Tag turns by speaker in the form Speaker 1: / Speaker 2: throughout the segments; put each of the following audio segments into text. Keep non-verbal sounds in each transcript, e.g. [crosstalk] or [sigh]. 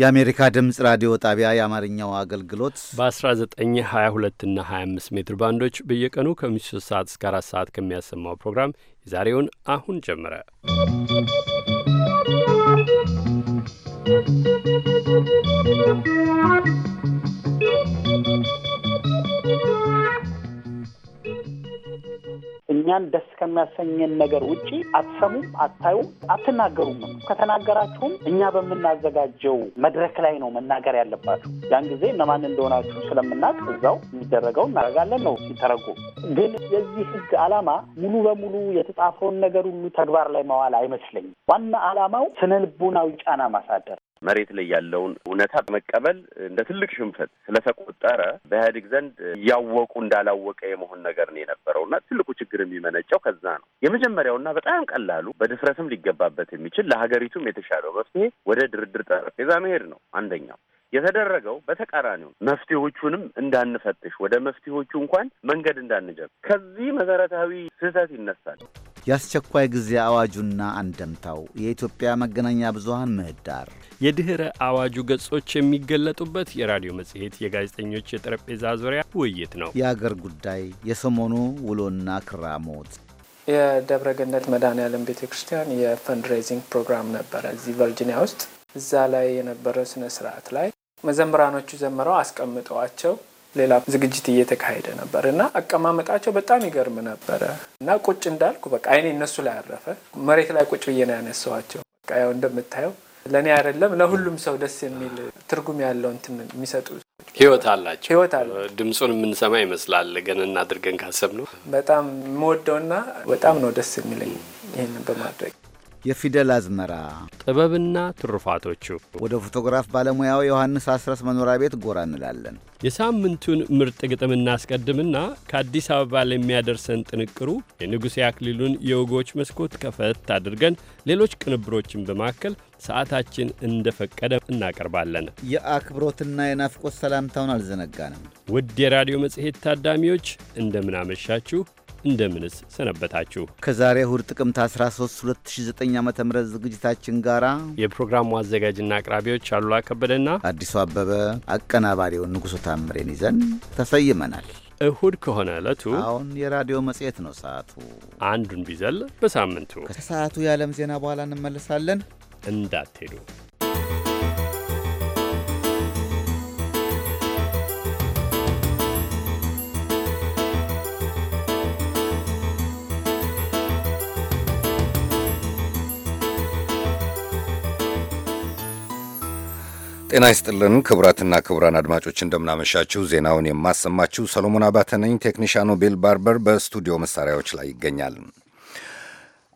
Speaker 1: የአሜሪካ ድምፅ ራዲዮ ጣቢያ የአማርኛው አገልግሎት በ1922
Speaker 2: እና 25 ሜትር ባንዶች በየቀኑ ከምሽቱ 3 ሰዓት እስከ 4 ሰዓት ከሚያሰማው ፕሮግራም የዛሬውን አሁን ጀመረ።
Speaker 3: ¶¶
Speaker 4: እኛን ደስ ከሚያሰኘን ነገር ውጪ አትሰሙም፣ አታዩም፣ አትናገሩም። ከተናገራችሁም እኛ በምናዘጋጀው መድረክ ላይ ነው መናገር ያለባችሁ። ያን ጊዜ እነማን እንደሆናችሁ ስለምናውቅ እዛው የሚደረገው እናደርጋለን ነው ሲተረጉ። ግን የዚህ ህግ ዓላማ ሙሉ በሙሉ የተጻፈውን ነገር ሁሉ ተግባር ላይ መዋል አይመስለኝም። ዋና ዓላማው ስነ ልቡናዊ ጫና ማሳደር
Speaker 5: መሬት ላይ ያለውን እውነታ መቀበል እንደ ትልቅ ሽንፈት ስለተቆጠረ በኢህአዴግ ዘንድ እያወቁ እንዳላወቀ የመሆን ነገር ነው የነበረው እና ትልቁ ችግር የሚመነጨው ከዛ ነው። የመጀመሪያውና በጣም ቀላሉ በድፍረትም ሊገባበት የሚችል ለሀገሪቱም የተሻለው መፍትሄ ወደ ድርድር ጠረጴዛ መሄድ ነው አንደኛው። የተደረገው በተቃራኒው መፍትሄዎቹንም እንዳንፈትሽ ወደ መፍትሄዎቹ እንኳን መንገድ እንዳንጀምር ከዚህ መሰረታዊ ስህተት ይነሳል።
Speaker 1: የአስቸኳይ ጊዜ አዋጁና አንደምታው፣ የኢትዮጵያ መገናኛ ብዙሃን ምህዳር፣ የድኅረ
Speaker 2: አዋጁ ገጾች የሚገለጡበት የራዲዮ መጽሔት የጋዜጠኞች የጠረጴዛ ዙሪያ ውይይት
Speaker 1: ነው። የአገር ጉዳይ፣ የሰሞኑ ውሎና ክራሞት፣
Speaker 6: የደብረ ገነት መድኃኔ ዓለም ቤተ ክርስቲያን የፈንድሬዚንግ ፕሮግራም ነበረ እዚህ ቨርጂኒያ ውስጥ። እዛ ላይ የነበረው ስነ ስርዓት ላይ መዘምራኖቹ ዘምረው አስቀምጠዋቸው ሌላ ዝግጅት እየተካሄደ ነበር እና አቀማመጣቸው በጣም ይገርም ነበረ እና ቁጭ እንዳልኩ በቃ አይኔ እነሱ ላይ አረፈ። መሬት ላይ ቁጭ ብዬ ነው ያነሳዋቸው። በቃ ያው እንደምታየው ለእኔ አይደለም ለሁሉም ሰው ደስ የሚል ትርጉም ያለው እንትን የሚሰጡ
Speaker 2: ህይወት አላቸው ህይወት አለ። ድምፁን የምንሰማ ይመስላል ገን እናድርገን ካሰብ ነው።
Speaker 6: በጣም የምወደውና በጣም ነው ደስ የሚለኝ
Speaker 1: ይህንን በማድረግ የፊደል አዝመራ ጥበብና ትሩፋቶቹ ወደ ፎቶግራፍ ባለሙያው ዮሐንስ አስረስ መኖሪያ ቤት ጎራ እንላለን።
Speaker 2: የሳምንቱን ምርጥ ግጥም እናስቀድምና ከአዲስ አበባ ለሚያደርሰን ጥንቅሩ የንጉሴ አክሊሉን የወጎች መስኮት ከፈት አድርገን ሌሎች ቅንብሮችን በማከል ሰዓታችን እንደፈቀደ እናቀርባለን።
Speaker 1: የአክብሮትና የናፍቆት ሰላምታውን አልዘነጋንም።
Speaker 2: ውድ የራዲዮ መጽሔት ታዳሚዎች እንደምናመሻችሁ እንደምንስ ሰነበታችሁ?
Speaker 1: ከዛሬ እሁድ ጥቅምት 13 2009 ዓ ም ዝግጅታችን ጋራ የፕሮግራሙ አዘጋጅና አቅራቢዎች አሉላ ከበደና አዲሱ አበበ አቀናባሪው ንጉሱ ታምሬን ይዘን ተሰይመናል። እሁድ ከሆነ ዕለቱ አሁን የራዲዮ መጽሔት ነው። ሰዓቱ አንዱን ቢዘል በሳምንቱ ከሰዓቱ የዓለም ዜና በኋላ እንመልሳለን።
Speaker 2: እንዳትሄዱ
Speaker 7: ጤና ይስጥልን ክቡራትና ክቡራን አድማጮች እንደምናመሻችሁ። ዜናውን የማሰማችሁ ሰሎሞን አባተ ነኝ። ቴክኒሻኑ ቤል ባርበር በስቱዲዮ መሳሪያዎች ላይ ይገኛል።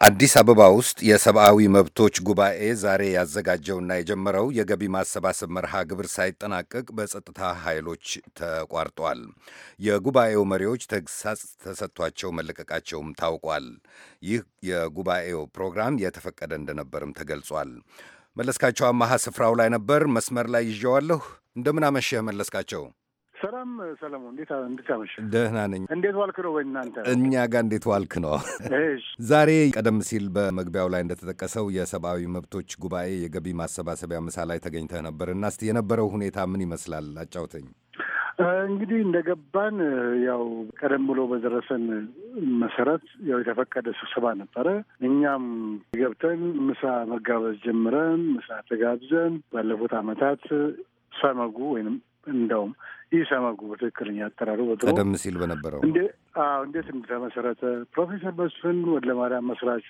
Speaker 7: አዲስ አበባ ውስጥ የሰብአዊ መብቶች ጉባኤ ዛሬ ያዘጋጀውና የጀመረው የገቢ ማሰባሰብ መርሃ ግብር ሳይጠናቀቅ በጸጥታ ኃይሎች ተቋርጧል። የጉባኤው መሪዎች ተግሳጽ ተሰጥቷቸው መለቀቃቸውም ታውቋል። ይህ የጉባኤው ፕሮግራም የተፈቀደ እንደነበርም ተገልጿል። መለስካቸው አማሃ ስፍራው ላይ ነበር። መስመር ላይ ይዤዋለሁ። እንደምን አመሸህ መለስካቸው?
Speaker 8: ሰላም ሰለሞን፣ እንዴት እንዴት
Speaker 7: አመሸህ? ደህና ነኝ።
Speaker 8: እንዴት ዋልክ ነው ወይ እናንተ?
Speaker 7: እኛ ጋር እንዴት ዋልክ ነው። ዛሬ ቀደም ሲል በመግቢያው ላይ እንደተጠቀሰው የሰብአዊ መብቶች ጉባኤ የገቢ ማሰባሰቢያ ምሳ ላይ ተገኝተህ ነበር እና እስቲ የነበረው ሁኔታ ምን ይመስላል አጫውተኝ። እንግዲህ እንደገባን
Speaker 8: ያው ቀደም ብሎ በደረሰን መሰረት ያው የተፈቀደ ስብሰባ ነበረ። እኛም ገብተን ምሳ መጋበዝ ጀምረን ምሳ ተጋብዘን ባለፉት አመታት ሰመጉ ወይንም እንደውም ይህ ሰመጉ በትክክለኛ አጠራሩ ቀደም ሲል በነበረው እንዴት እንደተመሰረተ ፕሮፌሰር መስፍን ወልደማርያም መስራቹ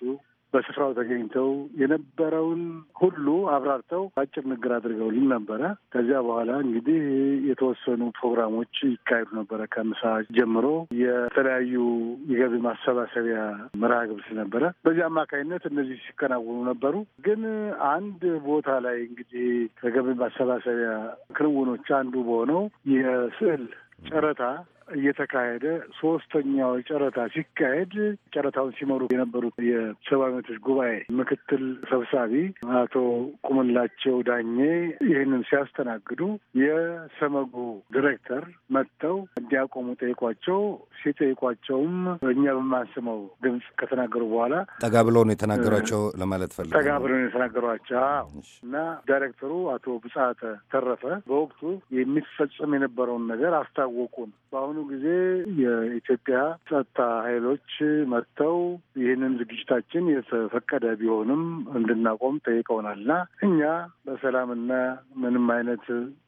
Speaker 8: በስፍራው ተገኝተው የነበረውን ሁሉ አብራርተው አጭር ንግር አድርገውልን ነበረ። ከዚያ በኋላ እንግዲህ የተወሰኑ ፕሮግራሞች ይካሄዱ ነበረ። ከምሳ ጀምሮ የተለያዩ የገቢ ማሰባሰቢያ መርሃ ግብር በዚህ አማካኝነት እነዚህ ሲከናወኑ ነበሩ። ግን አንድ ቦታ ላይ እንግዲህ ከገቢ ማሰባሰቢያ ክንውኖች አንዱ በሆነው የስዕል ጨረታ እየተካሄደ ሶስተኛው ጨረታ ሲካሄድ ጨረታውን ሲመሩ የነበሩት የሰብአዊ መብቶች ጉባኤ ምክትል ሰብሳቢ አቶ ቁምላቸው ዳኜ ይህንን ሲያስተናግዱ የሰመጉ ዲሬክተር መጥተው እንዲያቆሙ ጠይቋቸው ሲጠይቋቸውም እኛ በማንስመው ድምፅ ከተናገሩ በኋላ
Speaker 7: ጠጋ ብለው ነው የተናገሯቸው ለማለት ፈልገው ጠጋ ብለው
Speaker 8: ነው የተናገሯቸው እና ዳይሬክተሩ አቶ ብጻተ ተረፈ በወቅቱ የሚፈጸም የነበረውን ነገር አስታወቁን በአሁኑ በአሁኑ ጊዜ የኢትዮጵያ ጸጥታ ኃይሎች መጥተው ይህንን ዝግጅታችን የተፈቀደ ቢሆንም እንድናቆም ጠይቀውናልና እኛ በሰላምና ምንም አይነት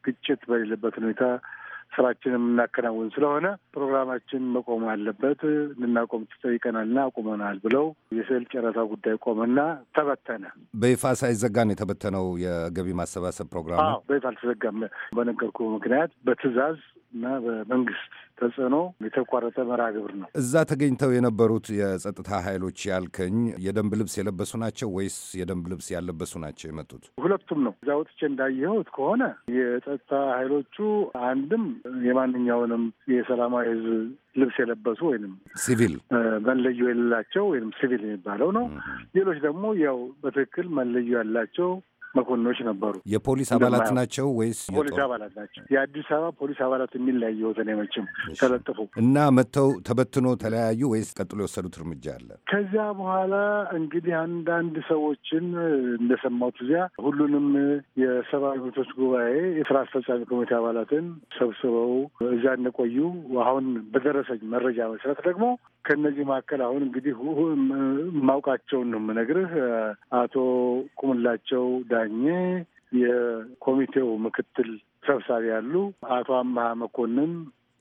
Speaker 8: ግጭት በሌለበት ሁኔታ ስራችን የምናከናውን ስለሆነ ፕሮግራማችን መቆም አለበት፣ እንድናቆም ተጠይቀናልና አቁመናል ብለው የስዕል ጨረታ ጉዳይ ቆመና ተበተነ።
Speaker 7: በይፋ ሳይዘጋን የተበተነው የገቢ ማሰባሰብ ፕሮግራም
Speaker 8: በይፋ አልተዘጋም። በነገርኩ ምክንያት በትዕዛዝ እና በመንግስት ተጽዕኖ የተቋረጠ መርሃ ግብር ነው።
Speaker 7: እዛ ተገኝተው የነበሩት የጸጥታ ኃይሎች ያልከኝ የደንብ ልብስ የለበሱ ናቸው ወይስ የደንብ ልብስ ያለበሱ ናቸው የመጡት?
Speaker 8: ሁለቱም ነው። እዛ ወጥቼ እንዳየሁት ከሆነ የጸጥታ ኃይሎቹ አንድም የማንኛውንም የሰላማዊ ህዝብ ልብስ የለበሱ ወይም ሲቪል መለዮ የሌላቸው ወይም ሲቪል የሚባለው ነው። ሌሎች ደግሞ ያው በትክክል መለዮ ያላቸው መኮንኖች ነበሩ።
Speaker 7: የፖሊስ አባላት ናቸው ወይስ ፖሊስ አባላት
Speaker 8: ናቸው? የአዲስ አበባ ፖሊስ አባላት የሚለያየ ወተን መቼም ተለጥፉ
Speaker 7: እና መጥተው ተበትኖ ተለያዩ ወይስ ቀጥሎ የወሰዱት እርምጃ አለ?
Speaker 8: ከዚያ በኋላ እንግዲህ አንዳንድ ሰዎችን እንደሰማሁት እዚያ ሁሉንም የሰብአዊ መብቶች ጉባኤ የስራ አስፈጻሚ ኮሚቴ አባላትን ሰብስበው እዚያ እንደቆዩ አሁን በደረሰኝ መረጃ መሰረት ደግሞ ከእነዚህ መካከል አሁን እንግዲህ ማውቃቸውን ነው የምነግርህ አቶ ቁምላቸው ዳ ዳኜ የኮሚቴው ምክትል ሰብሳቢ ያሉ አቶ አመሀ መኮንን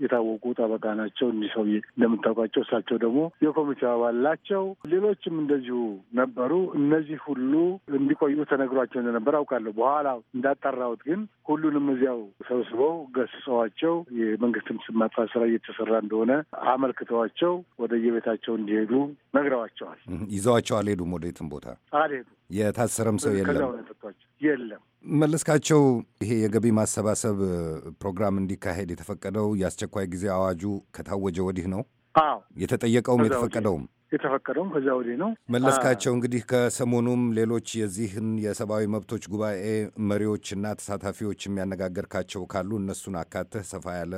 Speaker 8: የታወቁ ጠበቃ ናቸው። እኒህ ሰው እንደምታውቋቸው እሳቸው ደግሞ የኮሚቴው አባል ናቸው። ሌሎችም እንደዚሁ ነበሩ። እነዚህ ሁሉ እንዲቆዩ ተነግሯቸው እንደነበር አውቃለሁ። በኋላ እንዳጠራውት ግን ሁሉንም እዚያው ሰብስበው ገስጸዋቸው የመንግስትም ስም ማጥፋት ስራ እየተሰራ እንደሆነ አመልክተዋቸው ወደ የቤታቸው እንዲሄዱ ነግረዋቸዋል።
Speaker 7: ይዘዋቸው አልሄዱም፣ ወደ የትም ቦታ አልሄዱ። የታሰረም ሰው የለም። የለም። መለስካቸው፣ ይሄ የገቢ ማሰባሰብ ፕሮግራም እንዲካሄድ የተፈቀደው የአስቸኳይ ጊዜ አዋጁ ከታወጀ ወዲህ ነው። አዎ፣ የተጠየቀውም የተፈቀደውም
Speaker 8: የተፈቀደውም ከዛ ወዲህ ነው። መለስካቸው፣
Speaker 7: እንግዲህ ከሰሞኑም ሌሎች የዚህን የሰብአዊ መብቶች ጉባኤ መሪዎችና ተሳታፊዎች የሚያነጋገርካቸው ካሉ እነሱን አካተህ ሰፋ ያለ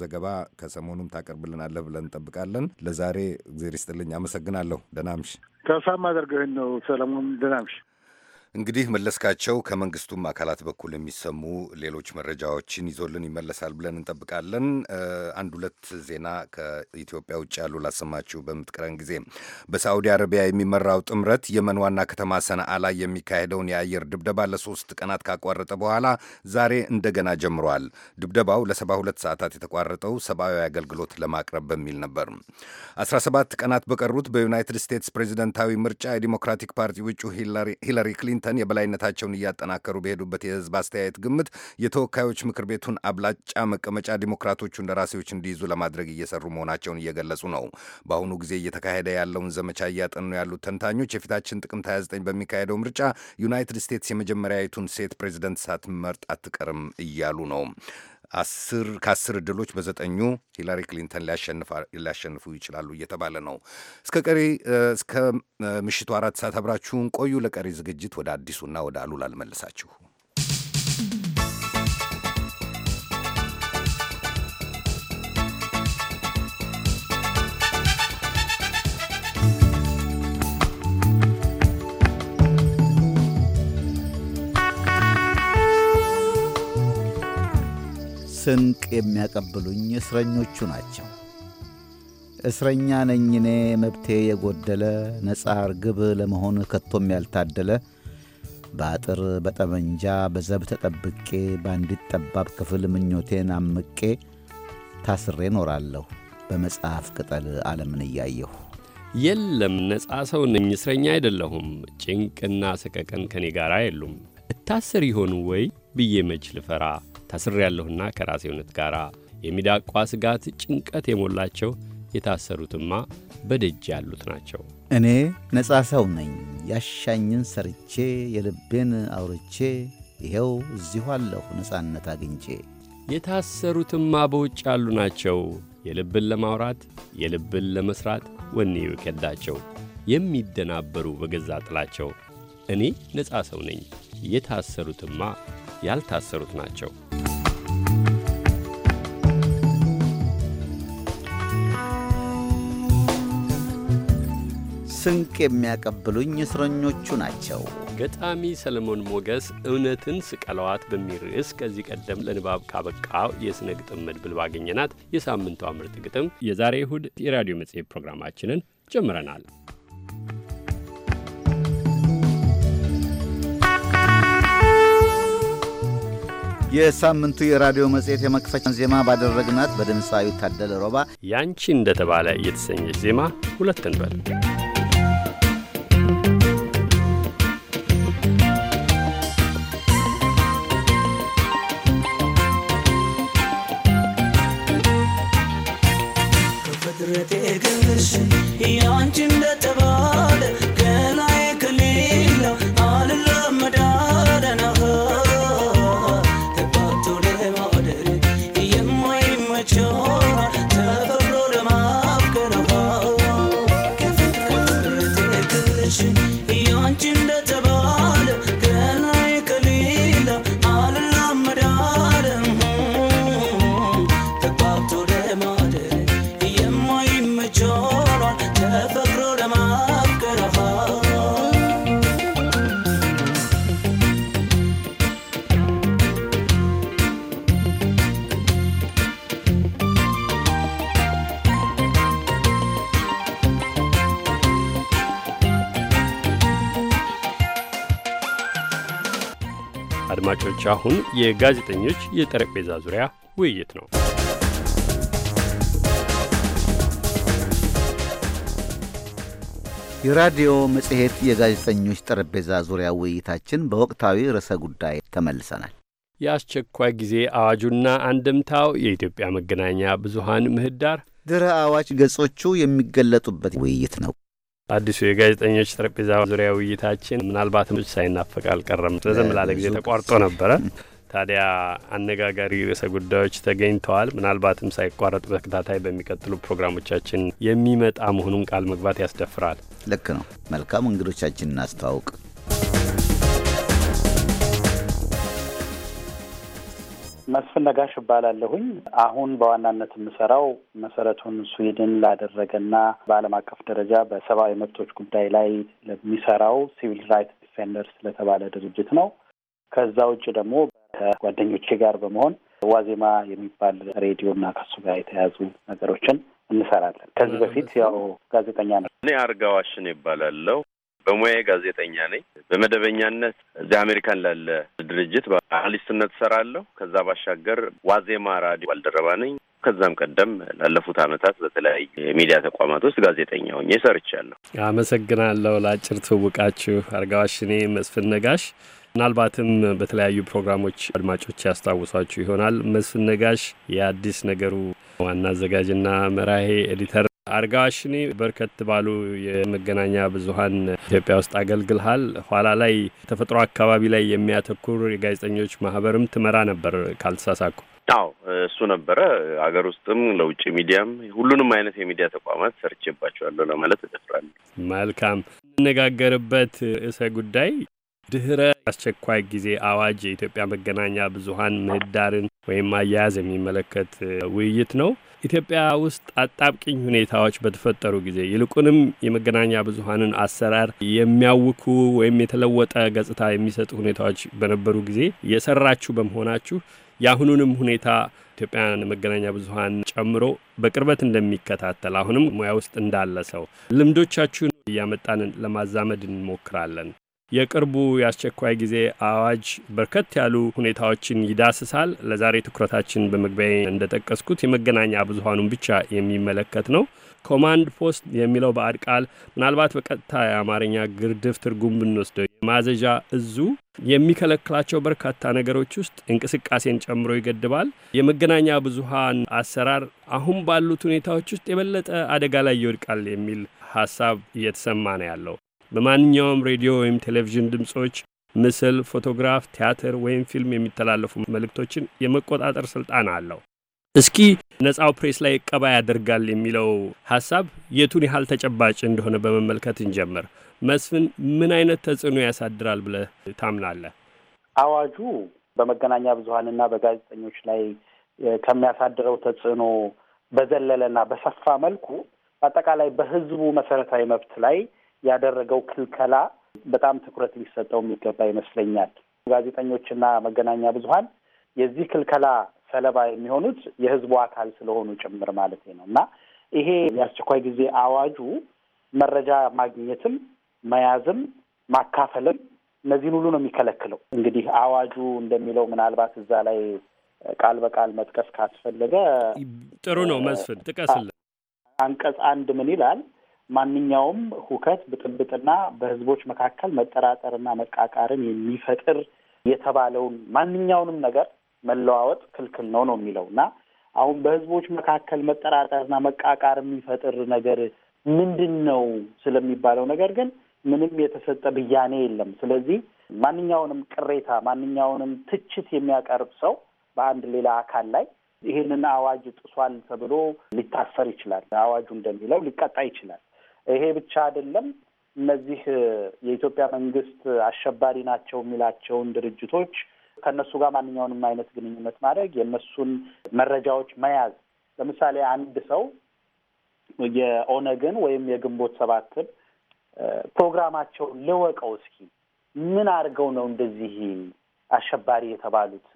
Speaker 7: ዘገባ ከሰሞኑም ታቀርብልናለህ ብለን እንጠብቃለን። ለዛሬ እግዜር ይስጥልኝ፣ አመሰግናለሁ። ደናምሽ እምሽ። አደርገህን ነው ሰለሞን። ደናምሽ እንግዲህ መለስካቸው ከመንግስቱም አካላት በኩል የሚሰሙ ሌሎች መረጃዎችን ይዞልን ይመለሳል ብለን እንጠብቃለን። አንድ ሁለት ዜና ከኢትዮጵያ ውጭ ያሉ ላሰማችሁ በምትቀረን ጊዜ። በሳዑዲ አረቢያ የሚመራው ጥምረት የመን ዋና ከተማ ሰነአ ላይ የሚካሄደውን የአየር ድብደባ ለሶስት ቀናት ካቋረጠ በኋላ ዛሬ እንደገና ጀምሯል። ድብደባው ለሰባ ሁለት ሰዓታት የተቋረጠው ሰብአዊ አገልግሎት ለማቅረብ በሚል ነበር። 17 ቀናት በቀሩት በዩናይትድ ስቴትስ ፕሬዚደንታዊ ምርጫ የዲሞክራቲክ ፓርቲ ውጩ ሂላሪ ክሊንተን ክሊንተን የበላይነታቸውን እያጠናከሩ በሄዱበት የህዝብ አስተያየት ግምት የተወካዮች ምክር ቤቱን አብላጫ መቀመጫ ዲሞክራቶቹ እንደራሴዎች እንዲይዙ ለማድረግ እየሰሩ መሆናቸውን እየገለጹ ነው። በአሁኑ ጊዜ እየተካሄደ ያለውን ዘመቻ እያጠኑ ያሉት ተንታኞች የፊታችን ጥቅምት 29 በሚካሄደው ምርጫ ዩናይትድ ስቴትስ የመጀመሪያዊቱን ሴት ፕሬዚደንት ሳትመርጥ አትቀርም እያሉ ነው። አስር ከአስር ዕድሎች በዘጠኙ ሂላሪ ክሊንተን ሊያሸንፉ ይችላሉ እየተባለ ነው። እስከ ቀሪ እስከ ምሽቱ አራት ሰዓት አብራችሁን ቆዩ። ለቀሪ ዝግጅት ወደ አዲሱና ወደ አሉላ አልመልሳችሁ።
Speaker 1: ስንቅ የሚያቀብሉኝ እስረኞቹ ናቸው። እስረኛ ነኝ እኔ መብቴ የጎደለ ነጻ ርግብ ለመሆን ከቶም ያልታደለ በአጥር በጠመንጃ በዘብ ተጠብቄ በአንዲት ጠባብ ክፍል ምኞቴን አምቄ ታስሬ ኖራለሁ በመጽሐፍ ቅጠል ዓለምን እያየሁ።
Speaker 2: የለም ነጻ ሰው ነኝ እስረኛ አይደለሁም። ጭንቅና ሰቀቀን ከኔ ጋር የሉም። እታስር ይሆኑ ወይ ብዬ መች ልፈራ ታስር ያለሁና ከራሴ እውነት ጋር የሚዳቋ ስጋት ጭንቀት የሞላቸው የታሰሩትማ በደጅ ያሉት ናቸው።
Speaker 1: እኔ ነጻ ሰው ነኝ። ያሻኝን ሰርቼ የልቤን አውርቼ ይኸው እዚሁ አለሁ ነጻነት አግኝቼ።
Speaker 2: የታሰሩትማ በውጭ ያሉ ናቸው። የልብን ለማውራት የልብን ለመሥራት ወኔው የከዳቸው የሚደናበሩ በገዛ ጥላቸው። እኔ ነጻ ሰው ነኝ። የታሰሩትማ ያልታሰሩት ናቸው።
Speaker 1: ስንቅ የሚያቀብሉኝ እስረኞቹ ናቸው።
Speaker 2: ገጣሚ ሰለሞን ሞገስ እውነትን ስቀለዋት በሚል ርዕስ ከዚህ ቀደም ለንባብ ካበቃው የሥነ ግጥም መድብል ባገኘናት የሳምንቷ ምርጥ ግጥም የዛሬ እሁድ የራዲዮ መጽሔት ፕሮግራማችንን ጀምረናል።
Speaker 1: የሳምንቱ የራዲዮ መጽሔት የመክፈቻን ዜማ ባደረግናት በድምፃዊ ታደለ ሮባ ያንቺ እንደተባለ የተሰኘች ዜማ ሁለት እንበል።
Speaker 3: ሽን
Speaker 2: አድማጮች፣ አሁን የጋዜጠኞች የጠረጴዛ ዙሪያ ውይይት ነው።
Speaker 1: የራዲዮ መጽሔት የጋዜጠኞች ጠረጴዛ ዙሪያ ውይይታችን በወቅታዊ ርዕሰ ጉዳይ ተመልሰናል።
Speaker 2: የአስቸኳይ ጊዜ አዋጁና አንድምታው፣ የኢትዮጵያ መገናኛ ብዙሃን ምህዳር፣
Speaker 1: ድረ አዋጅ ገጾቹ የሚገለጡበት ውይይት ነው። አዲሱ የጋዜጠኞች ጠረጴዛ
Speaker 2: ዙሪያ ውይይታችን ምናልባትም ሳይናፈቅ አልቀረም። ረዘም ላለ ጊዜ ተቋርጦ ነበረ። ታዲያ አነጋጋሪ ርዕሰ ጉዳዮች ተገኝተዋል። ምናልባትም ሳይቋረጥ በተከታታይ በሚቀጥሉ ፕሮግራሞቻችን የሚመጣ መሆኑን ቃል መግባት ያስደፍራል።
Speaker 1: ልክ ነው። መልካም እንግዶቻችን እናስተዋውቅ።
Speaker 4: መስፍን ነጋሽ እባላለሁኝ። አሁን በዋናነት የምሰራው መሰረቱን ስዊድን ላደረገና በዓለም አቀፍ ደረጃ በሰብአዊ መብቶች ጉዳይ ላይ ለሚሰራው ሲቪል ራይት ዲፌንደርስ ለተባለ ድርጅት ነው። ከዛ ውጭ ደግሞ ከጓደኞቼ ጋር በመሆን ዋዜማ የሚባል ሬዲዮ እና ከሱ ጋር የተያዙ ነገሮችን እንሰራለን። ከዚህ በፊት ያው ጋዜጠኛ ነው።
Speaker 5: እኔ አርጋዋሽን ይባላለው። በሙያ ጋዜጠኛ ነኝ። በመደበኛነት እዚህ አሜሪካን ላለ ድርጅት በአናሊስትነት ሰራለሁ። ከዛ ባሻገር ዋዜማ ራዲዮ ባልደረባ ነኝ። ከዛም ቀደም ላለፉት ዓመታት በተለያዩ የሚዲያ ተቋማት ውስጥ ጋዜጠኛ ሆኜ ሰርቻለሁ።
Speaker 2: አመሰግናለሁ። ለአጭር ትውውቃችሁ አርጋዋሽ፣ እኔ መስፍን ነጋሽ። ምናልባትም በተለያዩ ፕሮግራሞች አድማጮች ያስታውሷችሁ ይሆናል። መስፍን ነጋሽ የአዲስ ነገሩ ዋና አዘጋጅና መራሄ ኤዲተር አርጋሽኔ በርከት ባሉ የመገናኛ ብዙኃን ኢትዮጵያ ውስጥ አገልግልሃል። ኋላ ላይ ተፈጥሮ አካባቢ ላይ የሚያተኩር የጋዜጠኞች ማህበርም ትመራ ነበር ካልተሳሳኩ።
Speaker 5: አዎ እሱ ነበረ። ሀገር ውስጥም ለውጭ ሚዲያም ሁሉንም አይነት የሚዲያ ተቋማት ሰርቼባቸዋለሁ ለማለት እደፍራለሁ።
Speaker 2: መልካም የምነጋገርበት እሰ ጉዳይ ድህረ አስቸኳይ ጊዜ አዋጅ የኢትዮጵያ መገናኛ ብዙኃን ምህዳርን ወይም አያያዝ የሚመለከት ውይይት ነው። ኢትዮጵያ ውስጥ አጣብቂኝ ሁኔታዎች በተፈጠሩ ጊዜ ይልቁንም የመገናኛ ብዙኃንን አሰራር የሚያውኩ ወይም የተለወጠ ገጽታ የሚሰጡ ሁኔታዎች በነበሩ ጊዜ የሰራችሁ በመሆናችሁ የአሁኑንም ሁኔታ ኢትዮጵያውያን መገናኛ ብዙኃን ጨምሮ በቅርበት እንደሚከታተል አሁንም ሙያ ውስጥ እንዳለ ሰው ልምዶቻችሁን እያመጣንን ለማዛመድ እንሞክራለን። የቅርቡ የአስቸኳይ ጊዜ አዋጅ በርከት ያሉ ሁኔታዎችን ይዳስሳል። ለዛሬ ትኩረታችን በመግቢያ እንደጠቀስኩት የመገናኛ ብዙሀኑን ብቻ የሚመለከት ነው። ኮማንድ ፖስት የሚለው ባዕድ ቃል ምናልባት በቀጥታ የአማርኛ ግርድፍ ትርጉም ብንወስደው የማዘዣ እዙ የሚከለክላቸው በርካታ ነገሮች ውስጥ እንቅስቃሴን ጨምሮ ይገድባል። የመገናኛ ብዙሀን አሰራር አሁን ባሉት ሁኔታዎች ውስጥ የበለጠ አደጋ ላይ ይወድቃል የሚል ሀሳብ እየተሰማ ነው ያለው። በማንኛውም ሬዲዮ ወይም ቴሌቪዥን ድምፆች፣ ምስል፣ ፎቶግራፍ፣ ቲያትር ወይም ፊልም የሚተላለፉ መልእክቶችን የመቆጣጠር ስልጣን አለው። እስኪ ነጻው ፕሬስ ላይ እቀባ ያደርጋል የሚለው ሀሳብ የቱን ያህል ተጨባጭ እንደሆነ በመመልከት እንጀምር። መስፍን፣ ምን አይነት ተጽዕኖ ያሳድራል ብለህ ታምናለህ?
Speaker 4: አዋጁ በመገናኛ ብዙኃንና በጋዜጠኞች ላይ ከሚያሳድረው ተጽዕኖ በዘለለና በሰፋ መልኩ በአጠቃላይ በሕዝቡ መሰረታዊ መብት ላይ ያደረገው ክልከላ በጣም ትኩረት ሊሰጠው የሚገባ ይመስለኛል። ጋዜጠኞችና መገናኛ ብዙኃን የዚህ ክልከላ ሰለባ የሚሆኑት የህዝቡ አካል ስለሆኑ ጭምር ማለት ነው እና ይሄ የአስቸኳይ ጊዜ አዋጁ መረጃ ማግኘትም መያዝም ማካፈልም እነዚህን ሁሉ ነው የሚከለክለው። እንግዲህ አዋጁ እንደሚለው ምናልባት እዛ ላይ ቃል በቃል መጥቀስ ካስፈለገ
Speaker 2: ጥሩ ነው። መስፍን ጥቀስልን።
Speaker 4: አንቀጽ አንድ ምን ይላል? ማንኛውም ሁከት፣ ብጥብጥና በህዝቦች መካከል መጠራጠርና መቃቃርን የሚፈጥር የተባለውን ማንኛውንም ነገር መለዋወጥ ክልክል ነው ነው የሚለው እና አሁን በህዝቦች መካከል መጠራጠርና መቃቃር የሚፈጥር ነገር ምንድን ነው ስለሚባለው ነገር ግን ምንም የተሰጠ ብያኔ የለም። ስለዚህ ማንኛውንም ቅሬታ ማንኛውንም ትችት የሚያቀርብ ሰው በአንድ ሌላ አካል ላይ ይህንን አዋጅ ጥሷል ተብሎ ሊታሰር ይችላል። አዋጁ እንደሚለው ሊቀጣ ይችላል። ይሄ ብቻ አይደለም። እነዚህ የኢትዮጵያ መንግስት አሸባሪ ናቸው የሚላቸውን ድርጅቶች ከእነሱ ጋር ማንኛውንም አይነት ግንኙነት ማድረግ፣ የእነሱን መረጃዎች መያዝ። ለምሳሌ አንድ ሰው የኦነግን ወይም የግንቦት ሰባትን ፕሮግራማቸው ልወቀው እስኪ ምን አድርገው ነው እንደዚህ አሸባሪ የተባሉት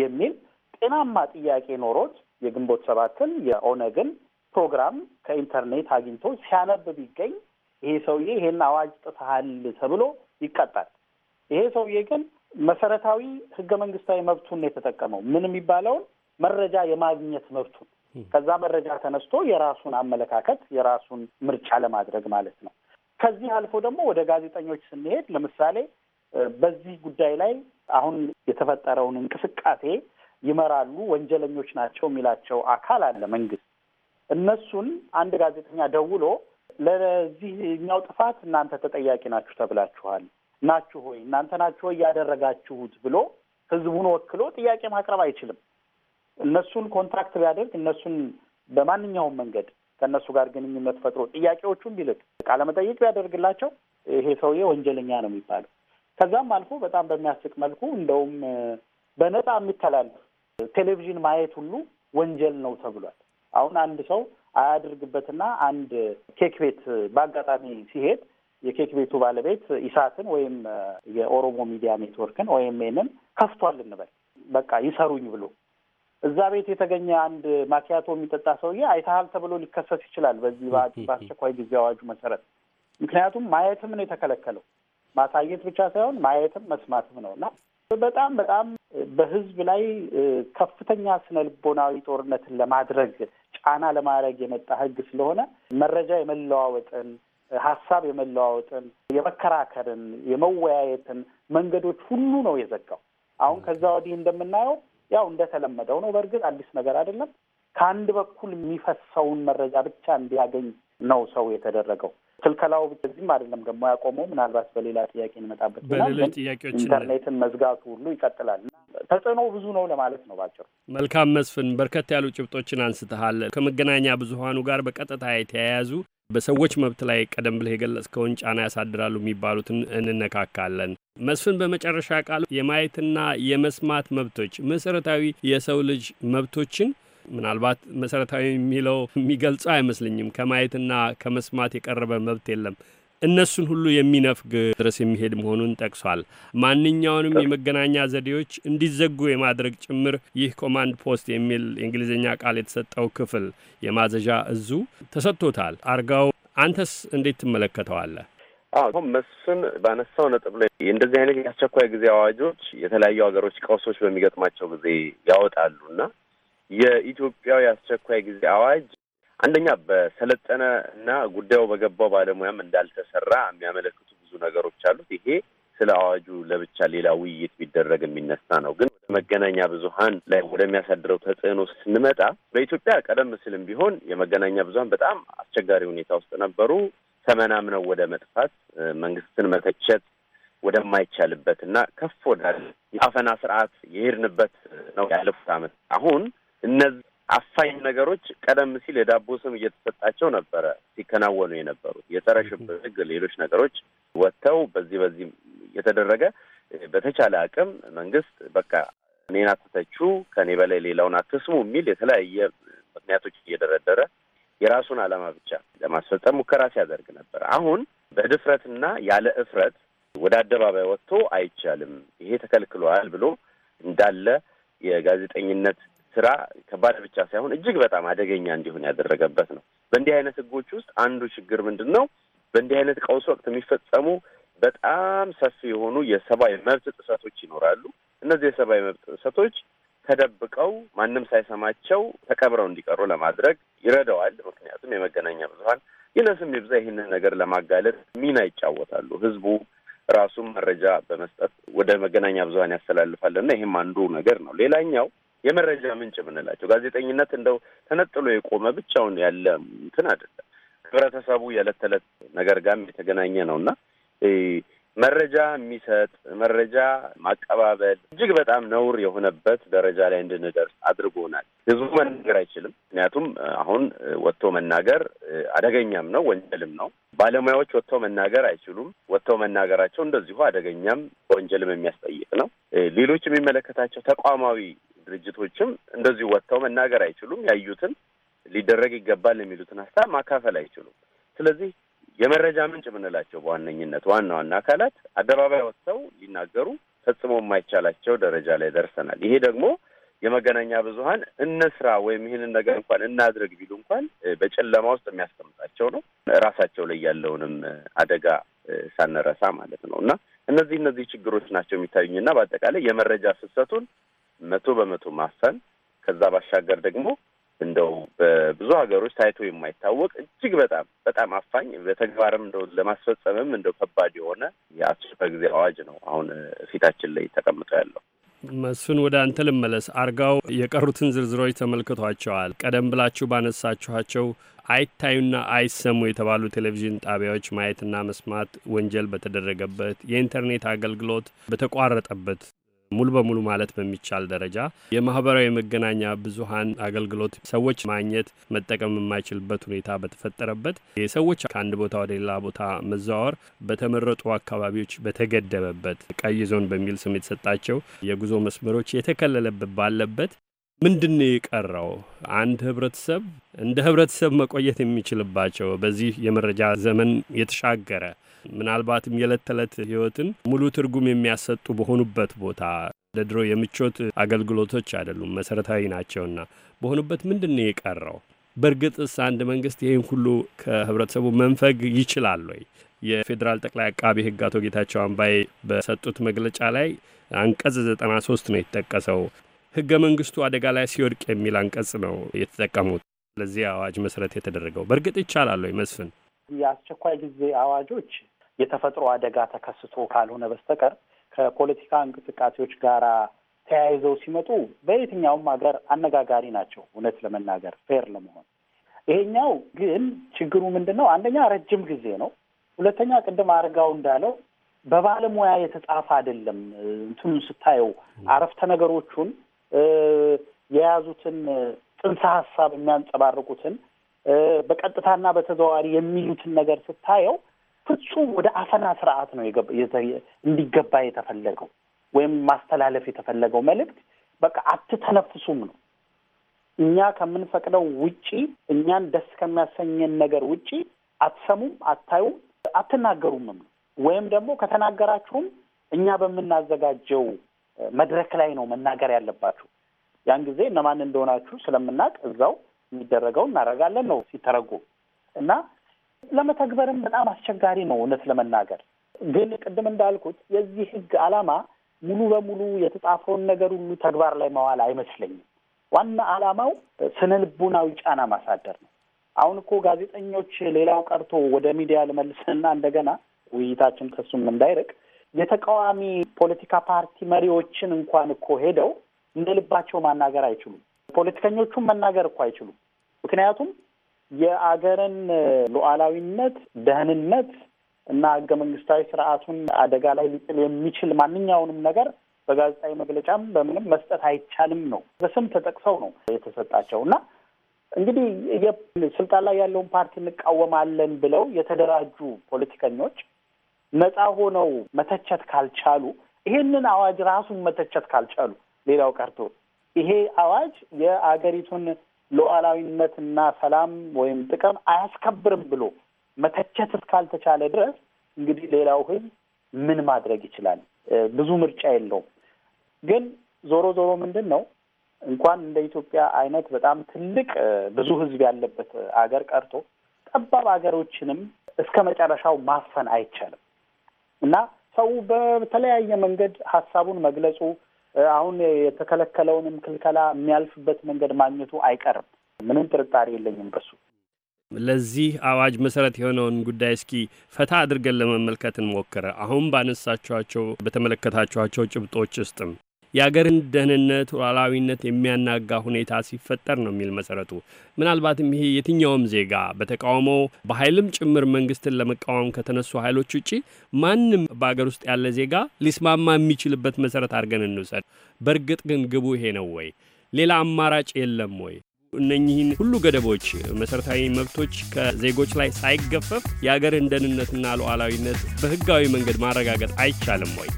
Speaker 4: የሚል ጤናማ ጥያቄ ኖሮት የግንቦት ሰባትን የኦነግን ፕሮግራም ከኢንተርኔት አግኝቶ ሲያነብ ቢገኝ ይሄ ሰውዬ ይሄን አዋጅ ጥሰሃል ተብሎ ይቀጣል። ይሄ ሰውዬ ግን መሰረታዊ ህገ መንግስታዊ መብቱን የተጠቀመው ምን የሚባለውን መረጃ የማግኘት መብቱን ከዛ መረጃ ተነስቶ የራሱን አመለካከት የራሱን ምርጫ ለማድረግ ማለት ነው። ከዚህ አልፎ ደግሞ ወደ ጋዜጠኞች ስንሄድ ለምሳሌ በዚህ ጉዳይ ላይ አሁን የተፈጠረውን እንቅስቃሴ ይመራሉ ወንጀለኞች ናቸው የሚላቸው አካል አለ መንግስት። እነሱን አንድ ጋዜጠኛ ደውሎ ለዚህኛው ጥፋት እናንተ ተጠያቂ ናችሁ ተብላችኋል፣ ናችሁ ሆይ እናንተ ናችሁ ሆይ ያደረጋችሁት ብሎ ህዝቡን ወክሎ ጥያቄ ማቅረብ አይችልም። እነሱን ኮንትራክት ቢያደርግ እነሱን በማንኛውም መንገድ ከእነሱ ጋር ግንኙነት ፈጥሮ ጥያቄዎቹን ቢልክ ቃለመጠይቅ ቢያደርግላቸው ይሄ ሰውዬ ወንጀለኛ ነው የሚባለው። ከዛም አልፎ በጣም በሚያስቅ መልኩ እንደውም በነፃ የሚተላለፍ ቴሌቪዥን ማየት ሁሉ ወንጀል ነው ተብሏል። አሁን አንድ ሰው አያድርግበትና አንድ ኬክ ቤት በአጋጣሚ ሲሄድ የኬክ ቤቱ ባለቤት ኢሳትን ወይም የኦሮሞ ሚዲያ ኔትወርክን ወይም ይንን ከፍቷል እንበል በቃ ይሰሩኝ ብሎ እዛ ቤት የተገኘ አንድ ማኪያቶ የሚጠጣ ሰውዬ አይተሃል ተብሎ ሊከሰስ ይችላል በዚህ በአስቸኳይ ጊዜ አዋጁ መሰረት። ምክንያቱም ማየትም ነው የተከለከለው። ማሳየት ብቻ ሳይሆን ማየትም መስማትም ነው እና በጣም በጣም በህዝብ ላይ ከፍተኛ ስነ ልቦናዊ ጦርነትን ለማድረግ ጫና ለማድረግ የመጣ ህግ ስለሆነ መረጃ የመለዋወጥን፣ ሀሳብ የመለዋወጥን፣ የመከራከርን፣ የመወያየትን መንገዶች ሁሉ ነው የዘጋው። አሁን ከዛ ወዲህ እንደምናየው ያው እንደተለመደው ነው። በእርግጥ አዲስ ነገር አይደለም። ከአንድ በኩል የሚፈሰውን መረጃ ብቻ እንዲያገኝ ነው ሰው የተደረገው። ክልከላው እዚህም አይደለም ደግሞ ያቆመው። ምናልባት በሌላ ጥያቄ እንመጣበት በሌሎች
Speaker 2: ጥያቄዎች ኢንተርኔትን
Speaker 4: መዝጋቱ ሁሉ ይቀጥላል። ተጽዕኖ ብዙ ነው ለማለት ነው ባጭሩ።
Speaker 2: መልካም መስፍን፣ በርከት ያሉ ጭብጦችን አንስተሃል። ከመገናኛ ብዙሀኑ ጋር በቀጥታ የተያያዙ በሰዎች መብት ላይ ቀደም ብለህ የገለጽከውን ጫና ያሳድራሉ የሚባሉትን እንነካካለን። መስፍን በመጨረሻ ቃሉ የማየትና የመስማት መብቶች መሰረታዊ የሰው ልጅ መብቶችን ምናልባት መሰረታዊ የሚለው የሚገልጸው አይመስለኝም። ከማየትና ከመስማት የቀረበ መብት የለም። እነሱን ሁሉ የሚነፍግ ድረስ የሚሄድ መሆኑን ጠቅሷል። ማንኛውንም የመገናኛ ዘዴዎች እንዲዘጉ የማድረግ ጭምር ይህ ኮማንድ ፖስት የሚል የእንግሊዝኛ ቃል የተሰጠው ክፍል የማዘዣ እዙ ተሰጥቶታል። አርጋው፣ አንተስ እንዴት ትመለከተዋለህ?
Speaker 5: አሁን መስፍን ባነሳው ነጥብ ላይ እንደዚህ አይነት የአስቸኳይ ጊዜ አዋጆች የተለያዩ ሀገሮች ቀውሶች በሚገጥማቸው ጊዜ ያወጣሉ እና የኢትዮጵያው የአስቸኳይ ጊዜ አዋጅ አንደኛ በሰለጠነ እና ጉዳዩ በገባው ባለሙያም እንዳልተሰራ የሚያመለክቱ ብዙ ነገሮች አሉት። ይሄ ስለ አዋጁ ለብቻ ሌላ ውይይት ቢደረግ የሚነሳ ነው። ግን ወደ መገናኛ ብዙኃን ላይ ወደሚያሳድረው ተጽዕኖ ስንመጣ በኢትዮጵያ ቀደም ሲልም ቢሆን የመገናኛ ብዙኃን በጣም አስቸጋሪ ሁኔታ ውስጥ ነበሩ። ሰመናም ነው ወደ መጥፋት መንግስትን መተቸት ወደማይቻልበት እና ከፍ ወዳለ የአፈና ስርዓት የሄድንበት ነው ያለፉት ዓመት አሁን እነዚህ አፋኝ ነገሮች ቀደም ሲል የዳቦ ስም እየተሰጣቸው ነበረ ሲከናወኑ የነበሩት የጸረ ሽብር ሌሎች ነገሮች ወጥተው በዚህ በዚህ እየተደረገ በተቻለ አቅም መንግስት በቃ እኔን አትተቹ፣ ከኔ በላይ ሌላውን አትስሙ የሚል የተለያየ ምክንያቶች እየደረደረ የራሱን ዓላማ ብቻ ለማስፈጸም ሙከራ ሲያደርግ ነበር። አሁን በድፍረትና ያለ እፍረት ወደ አደባባይ ወጥቶ አይቻልም፣ ይሄ ተከልክሏል ብሎ እንዳለ የጋዜጠኝነት ስራ ከባድ ብቻ ሳይሆን እጅግ በጣም አደገኛ እንዲሆን ያደረገበት ነው። በእንዲህ አይነት ህጎች ውስጥ አንዱ ችግር ምንድን ነው? በእንዲህ አይነት ቀውስ ወቅት የሚፈጸሙ በጣም ሰፊ የሆኑ የሰብአዊ መብት ጥሰቶች ይኖራሉ። እነዚህ የሰብአዊ መብት ጥሰቶች ተደብቀው ማንም ሳይሰማቸው ተቀብረው እንዲቀሩ ለማድረግ ይረዳዋል። ምክንያቱም የመገናኛ ብዙኃን ይነስም ይብዛ ይህንን ነገር ለማጋለጥ ሚና ይጫወታሉ። ህዝቡ ራሱም መረጃ በመስጠት ወደ መገናኛ ብዙኃን ያስተላልፋልና ይህም አንዱ ነገር ነው። ሌላኛው የመረጃ ምንጭ የምንላቸው ጋዜጠኝነት እንደው ተነጥሎ የቆመ ብቻውን ያለ እንትን አይደለም። ህብረተሰቡ የዕለት ተዕለት ነገር ጋርም የተገናኘ ነው እና መረጃ የሚሰጥ መረጃ ማቀባበል እጅግ በጣም ነውር የሆነበት ደረጃ ላይ እንድንደርስ አድርጎናል። ህዝቡ መናገር አይችልም። ምክንያቱም አሁን ወጥቶ መናገር አደገኛም ነው፣ ወንጀልም ነው። ባለሙያዎች ወጥቶ መናገር አይችሉም። ወጥቶ መናገራቸው እንደዚሁ አደገኛም ወንጀልም የሚያስጠይቅ ነው። ሌሎች የሚመለከታቸው ተቋማዊ ድርጅቶችም እንደዚሁ ወጥተው መናገር አይችሉም። ያዩትን ሊደረግ ይገባል የሚሉትን ሀሳብ ማካፈል አይችሉም። ስለዚህ የመረጃ ምንጭ የምንላቸው በዋነኝነት ዋና ዋና አካላት አደባባይ ወጥተው ሊናገሩ ፈጽሞ የማይቻላቸው ደረጃ ላይ ደርሰናል። ይሄ ደግሞ የመገናኛ ብዙኃን እንስራ ወይም ይህንን ነገር እንኳን እናድርግ ቢሉ እንኳን በጨለማ ውስጥ የሚያስቀምጣቸው ነው። ራሳቸው ላይ ያለውንም አደጋ ሳንረሳ ማለት ነው እና እነዚህ እነዚህ ችግሮች ናቸው የሚታዩኝና በአጠቃላይ የመረጃ ፍሰቱን መቶ በመቶ ማፈን ከዛ ባሻገር ደግሞ እንደው በብዙ ሀገሮች ታይቶ የማይታወቅ እጅግ በጣም በጣም አፋኝ በተግባርም እንደው ለማስፈጸምም እንደው ከባድ የሆነ የአስቸኳይ ጊዜ አዋጅ ነው አሁን ፊታችን ላይ ተቀምጦ
Speaker 2: ያለው። መስፍን ወደ አንተ ልመለስ። አርጋው የቀሩትን ዝርዝሮች ተመልክቷቸዋል። ቀደም ብላችሁ ባነሳችኋቸው አይታዩና አይሰሙ የተባሉ ቴሌቪዥን ጣቢያዎች ማየትና መስማት ወንጀል በተደረገበት የኢንተርኔት አገልግሎት በተቋረጠበት ሙሉ በሙሉ ማለት በሚቻል ደረጃ የማህበራዊ መገናኛ ብዙሀን አገልግሎት ሰዎች ማግኘት መጠቀም የማይችልበት ሁኔታ በተፈጠረበት የሰዎች ከአንድ ቦታ ወደ ሌላ ቦታ መዘዋወር በተመረጡ አካባቢዎች በተገደበበት ቀይ ዞን በሚል ስም የተሰጣቸው የጉዞ መስመሮች የተከለለበት ባለበት ምንድን ነው የቀረው? አንድ ህብረተሰብ እንደ ህብረተሰብ መቆየት የሚችልባቸው በዚህ የመረጃ ዘመን የተሻገረ ምናልባትም የዕለት ተዕለት ህይወትን ሙሉ ትርጉም የሚያሰጡ በሆኑበት ቦታ እንደ ድሮ የምቾት አገልግሎቶች አይደሉም፣ መሰረታዊ ናቸውና በሆኑበት ምንድን ነው የቀረው? በእርግጥስ አንድ መንግስት ይህን ሁሉ ከህብረተሰቡ መንፈግ ይችላል ወይ? የፌዴራል ጠቅላይ አቃቢ ህግ አቶ ጌታቸው አምባዬ በሰጡት መግለጫ ላይ አንቀጽ 93 ነው የተጠቀሰው። ህገ መንግስቱ አደጋ ላይ ሲወድቅ የሚል አንቀጽ ነው የተጠቀሙት ለዚህ አዋጅ መሰረት የተደረገው። በእርግጥ ይቻላል ወይ መስፍን?
Speaker 4: የአስቸኳይ ጊዜ አዋጆች የተፈጥሮ አደጋ ተከስቶ ካልሆነ በስተቀር ከፖለቲካ እንቅስቃሴዎች ጋራ ተያይዘው ሲመጡ በየትኛውም ሀገር አነጋጋሪ ናቸው። እውነት ለመናገር ፌር ለመሆን ይሄኛው ግን ችግሩ ምንድን ነው? አንደኛ ረጅም ጊዜ ነው። ሁለተኛ ቅድም አርጋው እንዳለው በባለሙያ የተጻፈ አይደለም። እንትኑን ስታየው አረፍተ ነገሮቹን የያዙትን ጥንሰ ሀሳብ የሚያንጸባርቁትን በቀጥታና በተዘዋዋሪ የሚሉትን ነገር ስታየው ፍጹም ወደ አፈና ስርዓት ነው እንዲገባ የተፈለገው ወይም ማስተላለፍ የተፈለገው መልእክት በቃ አትተነፍሱም ነው። እኛ ከምንፈቅደው ውጪ፣ እኛን ደስ ከሚያሰኘን ነገር ውጪ አትሰሙም፣ አታዩም፣ አትናገሩምም ነው። ወይም ደግሞ ከተናገራችሁም እኛ በምናዘጋጀው መድረክ ላይ ነው መናገር ያለባችሁ። ያን ጊዜ እነማን እንደሆናችሁ ስለምናውቅ እዛው የሚደረገው እናደርጋለን ነው ሲተረጎም እና ለመተግበርም በጣም አስቸጋሪ ነው። እውነት ለመናገር ግን ቅድም እንዳልኩት የዚህ ህግ ዓላማ ሙሉ በሙሉ የተጻፈውን ነገር ሁሉ ተግባር ላይ መዋል አይመስለኝም። ዋና ዓላማው ስነ ልቡናዊ ጫና ማሳደር ነው። አሁን እኮ ጋዜጠኞች ሌላው ቀርቶ ወደ ሚዲያ ልመልስና እንደገና ውይይታችን ከሱም እንዳይርቅ የተቃዋሚ ፖለቲካ ፓርቲ መሪዎችን እንኳን እኮ ሄደው እንደ ልባቸው ማናገር አይችሉም። ፖለቲከኞቹም መናገር እኮ አይችሉም። ምክንያቱም የአገርን ሉዓላዊነት፣ ደህንነት እና ህገ መንግስታዊ ስርዓቱን አደጋ ላይ ሊጥል የሚችል ማንኛውንም ነገር በጋዜጣዊ መግለጫም በምንም መስጠት አይቻልም ነው። በስም ተጠቅሰው ነው የተሰጣቸው እና እንግዲህ ስልጣን ላይ ያለውን ፓርቲ እንቃወማለን ብለው የተደራጁ ፖለቲከኞች ነፃ ሆነው መተቸት ካልቻሉ፣ ይሄንን አዋጅ ራሱን መተቸት ካልቻሉ፣ ሌላው ቀርቶ ይሄ አዋጅ የአገሪቱን ሉዓላዊነትና ሰላም ወይም ጥቅም አያስከብርም ብሎ መተቸት እስካልተቻለ ድረስ እንግዲህ ሌላው ህዝብ ምን ማድረግ ይችላል? ብዙ ምርጫ የለውም። ግን ዞሮ ዞሮ ምንድን ነው እንኳን እንደ ኢትዮጵያ አይነት በጣም ትልቅ ብዙ ህዝብ ያለበት አገር ቀርቶ ጠባብ ሀገሮችንም እስከ መጨረሻው ማፈን አይቻልም እና ሰው በተለያየ መንገድ ሀሳቡን መግለጹ አሁን የተከለከለውንም ክልከላ የሚያልፍበት መንገድ ማግኘቱ አይቀርም። ምንም ጥርጣሬ የለኝም በሱ።
Speaker 2: ለዚህ አዋጅ መሰረት የሆነውን ጉዳይ እስኪ ፈታ አድርገን ለመመልከት እንሞክረ አሁን ባነሳችኋቸው በተመለከታችኋቸው ጭብጦች ውስጥም የአገርን ደህንነት ሉዓላዊነት የሚያናጋ ሁኔታ ሲፈጠር ነው የሚል መሰረቱ። ምናልባትም ይሄ የትኛውም ዜጋ በተቃውሞ በኃይልም ጭምር መንግስትን ለመቃወም ከተነሱ ኃይሎች ውጪ ማንም በአገር ውስጥ ያለ ዜጋ ሊስማማ የሚችልበት መሰረት አድርገን እንውሰድ። በእርግጥ ግን ግቡ ይሄ ነው ወይ? ሌላ አማራጭ የለም ወይ? እነኚህን ሁሉ ገደቦች፣ መሠረታዊ መብቶች ከዜጎች ላይ ሳይገፈፍ የአገርን ደህንነትና ሉዓላዊነት በህጋዊ መንገድ ማረጋገጥ አይቻልም ወይ?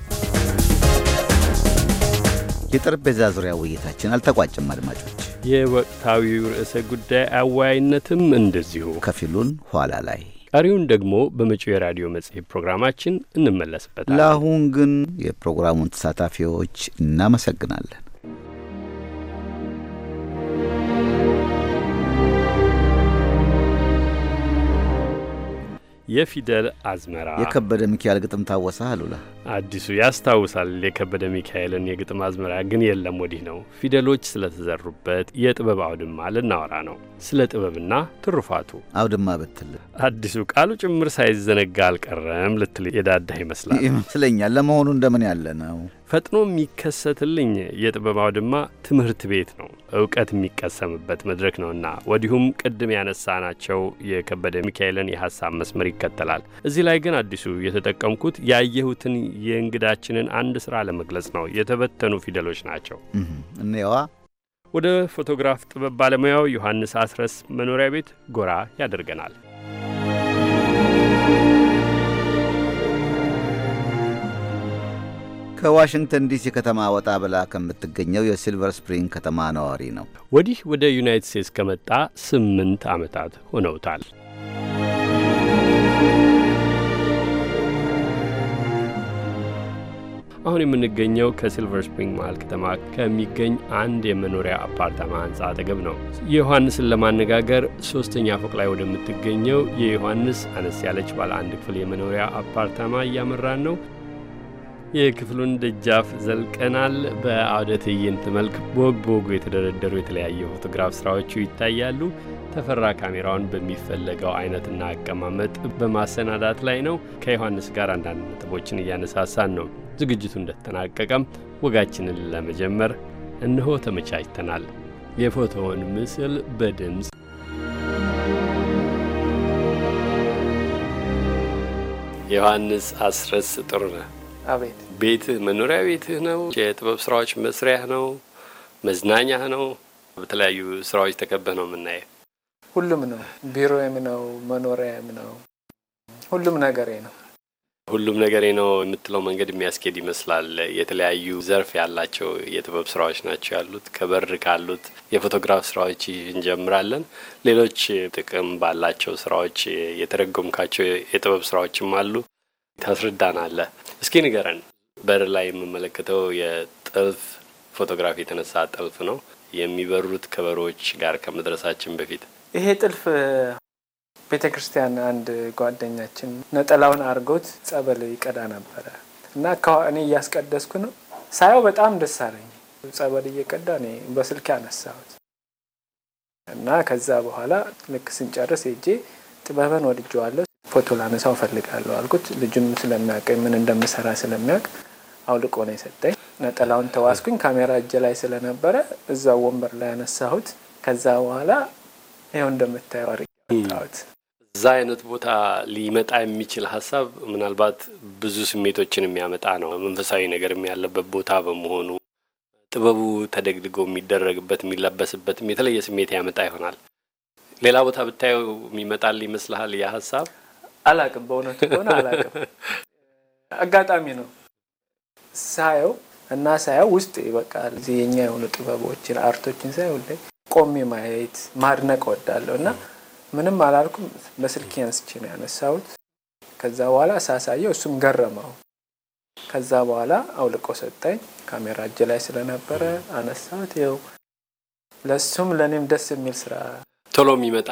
Speaker 1: የጠረጴዛ ዙሪያ ውይይታችን አልተቋጭም። አድማጮች፣
Speaker 2: የወቅታዊው ርዕሰ ጉዳይ አወያይነትም እንደዚሁ ከፊሉን ኋላ ላይ ቀሪውን ደግሞ በመጪው የራዲዮ መጽሔት ፕሮግራማችን
Speaker 1: እንመለስበታል። ለአሁን ግን የፕሮግራሙን ተሳታፊዎች እናመሰግናለን።
Speaker 2: የፊደል አዝመራ
Speaker 1: የከበደ ሚካኤል ግጥም ታወሰ አሉላ
Speaker 2: አዲሱ ያስታውሳል። የከበደ ሚካኤልን የግጥም አዝመራ ግን የለም ወዲህ ነው። ፊደሎች ስለተዘሩበት የጥበብ አውድማ ልናወራ ነው። ስለ ጥበብና ትሩፋቱ
Speaker 1: አውድማ ብትል
Speaker 2: አዲሱ ቃሉ ጭምር ሳይዘነጋ አልቀረም ልትል የዳዳ ይመስላል
Speaker 1: ይመስለኛል። ለመሆኑ እንደምን ያለ ነው?
Speaker 2: ፈጥኖ የሚከሰትልኝ የጥበብ አውድማ ትምህርት ቤት ነው፣ እውቀት የሚቀሰምበት መድረክ ነውና። ወዲሁም ቅድም ያነሳ ናቸው የከበደ ሚካኤልን የሀሳብ መስመር ይከተላል። እዚህ ላይ ግን አዲሱ የተጠቀምኩት ያየሁትን የእንግዳችንን አንድ ስራ ለመግለጽ ነው። የተበተኑ ፊደሎች ናቸው። እኔዋ ወደ ፎቶግራፍ ጥበብ ባለሙያው ዮሐንስ አስረስ መኖሪያ ቤት ጎራ ያደርገናል።
Speaker 1: ከዋሽንግተን ዲሲ ከተማ ወጣ ብላ ከምትገኘው የሲልቨር ስፕሪንግ ከተማ ነዋሪ ነው። ወዲህ ወደ ዩናይትድ ስቴትስ ከመጣ ስምንት ዓመታት
Speaker 2: ሆነውታል። አሁን የምንገኘው ከሲልቨር ስፕሪንግ መሀል ከተማ ከሚገኝ አንድ የመኖሪያ አፓርታማ ህንፃ አጠገብ ነው። የዮሐንስን ለማነጋገር ሶስተኛ ፎቅ ላይ ወደምትገኘው የዮሐንስ አነስ ያለች ባለ አንድ ክፍል የመኖሪያ አፓርታማ እያመራን ነው። የክፍሉን ደጃፍ ዘልቀናል። በአውደ ትዕይንት መልክ በወግ በወጉ የተደረደሩ የተለያዩ ፎቶግራፍ ስራዎቹ ይታያሉ። ተፈራ ካሜራውን በሚፈለገው አይነትና አቀማመጥ በማሰናዳት ላይ ነው። ከዮሐንስ ጋር አንዳንድ ነጥቦችን እያነሳሳን ነው። ዝግጅቱ እንደተጠናቀቀም ወጋችንን ለመጀመር እነሆ ተመቻችተናል። የፎቶውን ምስል በድምፅ ዮሐንስ አስረስ ጥሩነህ ቤትህ መኖሪያ ቤትህ ነው። የጥበብ ስራዎች መስሪያህ ነው። መዝናኛህ ነው። በተለያዩ ስራዎች ተከበህ ነው የምናየ።
Speaker 6: ሁሉም ነው። ቢሮዬም ነው፣ መኖሪያም ነው፣ ሁሉም ነገሬ ነው።
Speaker 2: ሁሉም ነገሬ ነው የምትለው መንገድ የሚያስኬድ ይመስላል። የተለያዩ ዘርፍ ያላቸው የጥበብ ስራዎች ናቸው ያሉት። ከበር ካሉት የፎቶግራፍ ስራዎች እንጀምራለን። ሌሎች ጥቅም ባላቸው ስራዎች የተረጎምካቸው የጥበብ ስራዎችም አሉ። ታስረዳናለህ። እስኪ ንገረን። በር ላይ የምመለከተው የጥልፍ ፎቶግራፊ የተነሳ ጥልፍ ነው። የሚበሩት ከበሮዎች ጋር ከመድረሳችን በፊት
Speaker 6: ይሄ ጥልፍ ቤተ ክርስቲያን አንድ ጓደኛችን ነጠላውን አድርጎት ጸበል ይቀዳ ነበረ እና እኔ እያስቀደስኩ ነው ሳየው በጣም ደስ አለኝ። ጸበል እየቀዳ እኔ በስልክ ያነሳሁት እና ከዛ በኋላ ልክ ስንጨርስ ሄጄ ጥበብን ወድጀዋለሁ ፎቶ ላነሳው ፈልጋለሁ አልኩት። ልጁም ስለሚያውቀኝ ምን እንደምሰራ ስለሚያውቅ አውልቆ ነው የሰጠኝ። ነጠላውን ተዋስኩኝ። ካሜራ እጄ ላይ ስለነበረ እዛ ወንበር ላይ ያነሳሁት። ከዛ በኋላ ይኸው እንደምታየው አድርጌ
Speaker 2: እዛ አይነት ቦታ ሊመጣ የሚችል ሀሳብ ምናልባት ብዙ ስሜቶችን የሚያመጣ ነው። መንፈሳዊ ነገርም ያለበት ቦታ በመሆኑ ጥበቡ ተደግድጎ የሚደረግበት የሚለበስበትም የተለየ ስሜት ያመጣ ይሆናል። ሌላ ቦታ ብታየው የሚመጣል ይመስልሃል ያ ሀሳብ?
Speaker 6: አላቅም። በእውነቱ ከሆነ አላቅም። አጋጣሚ ነው ሳየው እና ሳየው ውስጥ ይበቃል። እዚህ የኛ የሆኑ ጥበቦችን አርቶችን ሳይ ሁሌ ቆሜ ማየት ማድነቅ ወዳለሁ እና ምንም አላልኩም። በስልኬ አንስቼ ነው ያነሳሁት። ከዛ በኋላ ሳሳየው እሱም ገረመው። ከዛ በኋላ አውልቆ ሰጠኝ። ካሜራ እጄ ላይ ስለነበረ አነሳት። ይኸው ለእሱም ለእኔም ደስ የሚል ስራ
Speaker 2: ቶሎ የሚመጣ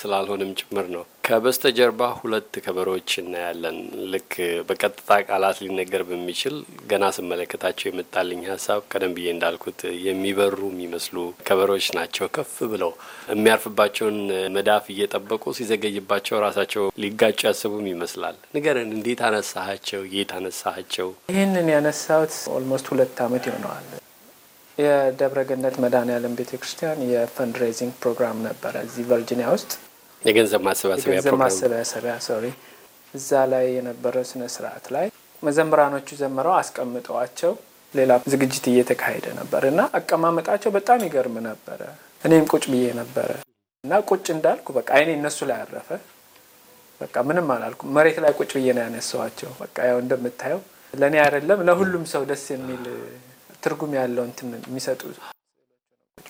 Speaker 2: ስላልሆነም ጭምር ነው። ከበስተጀርባ ሁለት ከበሮዎች እናያለን። ልክ በቀጥታ ቃላት ሊነገር በሚችል ገና ስመለከታቸው የመጣልኝ ሀሳብ ቀደም ብዬ እንዳልኩት የሚበሩ የሚመስሉ ከበሮዎች ናቸው። ከፍ ብለው የሚያርፍባቸውን መዳፍ እየጠበቁ ሲዘገይባቸው ራሳቸው ሊጋጩ ያስቡም ይመስላል። ንገረን፣ እንዴት አነሳሃቸው? የት
Speaker 6: አነሳሃቸው? ይህንን ያነሳሁት ኦልሞስት ሁለት አመት ይሆነዋል። የደብረ ገነት መድኃኔዓለም ቤተ ክርስቲያን የፈንድሬዚንግ ፕሮግራም ነበረ እዚህ ቨርጂኒያ ውስጥ
Speaker 2: የገንዘብ ማሰባሰቢያ
Speaker 6: ሶሪ፣ እዛ ላይ የነበረው ስነ ስርአት ላይ መዘምራኖቹ ዘምረው አስቀምጠዋቸው ሌላ ዝግጅት እየተካሄደ ነበር እና አቀማመጣቸው በጣም ይገርም ነበረ። እኔም ቁጭ ብዬ ነበረ እና ቁጭ እንዳልኩ በቃ አይኔ እነሱ ላይ አረፈ። በቃ ምንም አላልኩ። መሬት ላይ ቁጭ ብዬ ነው ያነሰዋቸው በቃ ያው እንደምታየው ለእኔ አይደለም ለሁሉም ሰው ደስ የሚል ትርጉም ያለው እንትን የሚሰጡ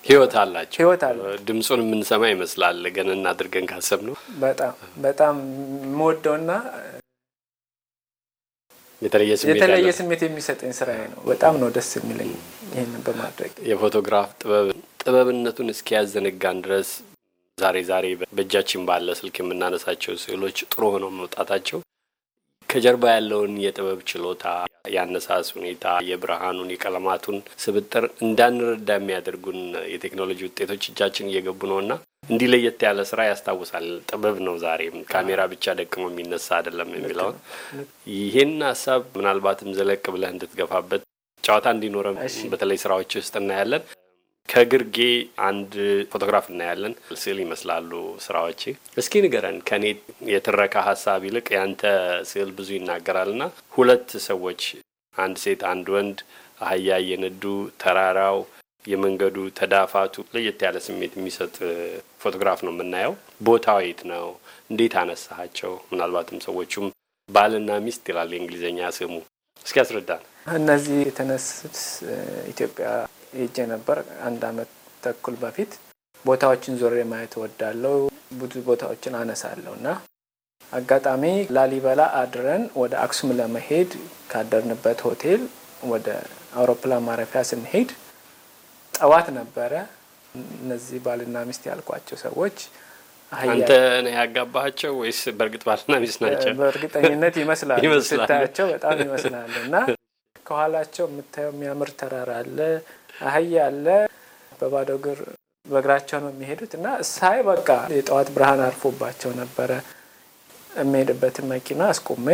Speaker 2: ህይወት አላቸው። ህይወት አለ። ድምፁን የምንሰማ ይመስላል ገን እናድርገን ካሰብ ነው።
Speaker 6: በጣም በጣም የምወደውና የተለየ ስሜት የሚሰጠኝ ስራ ነው። በጣም ነው ደስ የሚለኝ ይህንን በማድረግ የፎቶግራፍ
Speaker 2: ጥበብ ጥበብነቱን እስኪያዘነጋን ድረስ ዛሬ ዛሬ በእጃችን ባለ ስልክ የምናነሳቸው ስዕሎች ጥሩ ሆነው መውጣታቸው ከጀርባ ያለውን የጥበብ ችሎታ፣ የአነሳስ ሁኔታ፣ የብርሃኑን፣ የቀለማቱን ስብጥር እንዳንረዳ የሚያደርጉን የቴክኖሎጂ ውጤቶች እጃችን እየገቡ ነውና እንዲህ ለየት ያለ ስራ ያስታውሳል። ጥበብ ነው ዛሬም ካሜራ ብቻ ደቅሞ የሚነሳ አይደለም የሚለውን ይህን ሀሳብ ምናልባትም ዘለቅ ብለህ እንድትገፋበት ጨዋታ እንዲኖረ በተለይ ስራዎች ውስጥ እናያለን። ከግርጌ አንድ ፎቶግራፍ እናያለን። ስዕል ይመስላሉ ስራዎች። እስኪ ንገረን፣ ከኔ የትረካ ሀሳብ ይልቅ ያንተ ስዕል ብዙ ና ሁለት ሰዎች፣ አንድ ሴት፣ አንድ ወንድ አህያ እየነዱ ተራራው፣ የመንገዱ ተዳፋቱ ለየት ያለ ስሜት የሚሰጥ ፎቶግራፍ ነው የምናየው። ቦታው የት ነው? እንዴት አነሳሃቸው? ምናልባትም ሰዎቹም ባልና ሚስት ይላል የእንግሊዝኛ ስሙ። እስኪ አስረዳን።
Speaker 6: እነዚህ የተነሱት ኢትዮጵያ ሄጀ ነበር አንድ አመት ተኩል በፊት። ቦታዎችን ዞር ማየት ወዳለው ብዙ ቦታዎችን አነሳለሁ እና አጋጣሚ ላሊበላ አድረን ወደ አክሱም ለመሄድ ካደርንበት ሆቴል ወደ አውሮፕላን ማረፊያ ስንሄድ ጠዋት ነበረ። እነዚህ ባልና ሚስት ያልኳቸው ሰዎች አንተ
Speaker 2: ነ ያጋባቸው ወይስ በእርግጥ ባልና ሚስት ናቸው? በእርግጠኝነት ይመስላል ስታያቸው በጣም
Speaker 6: ይመስላል እና ከኋላቸው የምታየው የሚያምር ተራራ አለ። አህያ አለ። በባዶ እግር በእግራቸው ነው የሚሄዱት እና እሳይ በቃ የጠዋት ብርሃን አርፎባቸው ነበረ። የሚሄድበትን መኪና አስቆሜ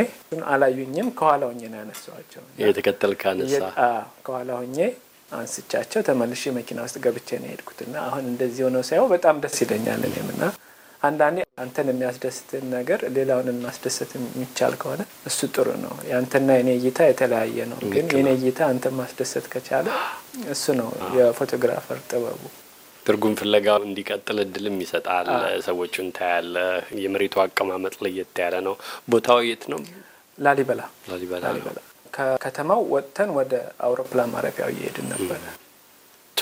Speaker 6: አላዩኝም። ከኋላ ሆኜ ነው ያነሳኋቸው።
Speaker 2: የተከተል ካነሳ
Speaker 6: ከኋላ ሆኜ አንስቻቸው ተመልሼ መኪና ውስጥ ገብቼ ነው የሄድኩት እና አሁን እንደዚህ ሆነው ሳይሆን በጣም ደስ ይለኛል እኔም እና አንዳንዴ አንተን የሚያስደስትን ነገር ሌላውን ማስደሰት የሚቻል ከሆነ እሱ ጥሩ ነው። የአንተና የኔ እይታ የተለያየ ነው፣ ግን የኔ እይታ አንተን ማስደሰት ከቻለ እሱ ነው የፎቶግራፈር ጥበቡ።
Speaker 2: ትርጉም ፍለጋው እንዲቀጥል እድልም ይሰጣል። ሰዎቹን ታያለ። የመሬቱ አቀማመጥ ለየት ያለ ነው። ቦታው የት ነው? ላሊበላ ላሊበላ
Speaker 6: ከከተማው ወጥተን ወደ አውሮፕላን ማረፊያው እየሄድን ነበረ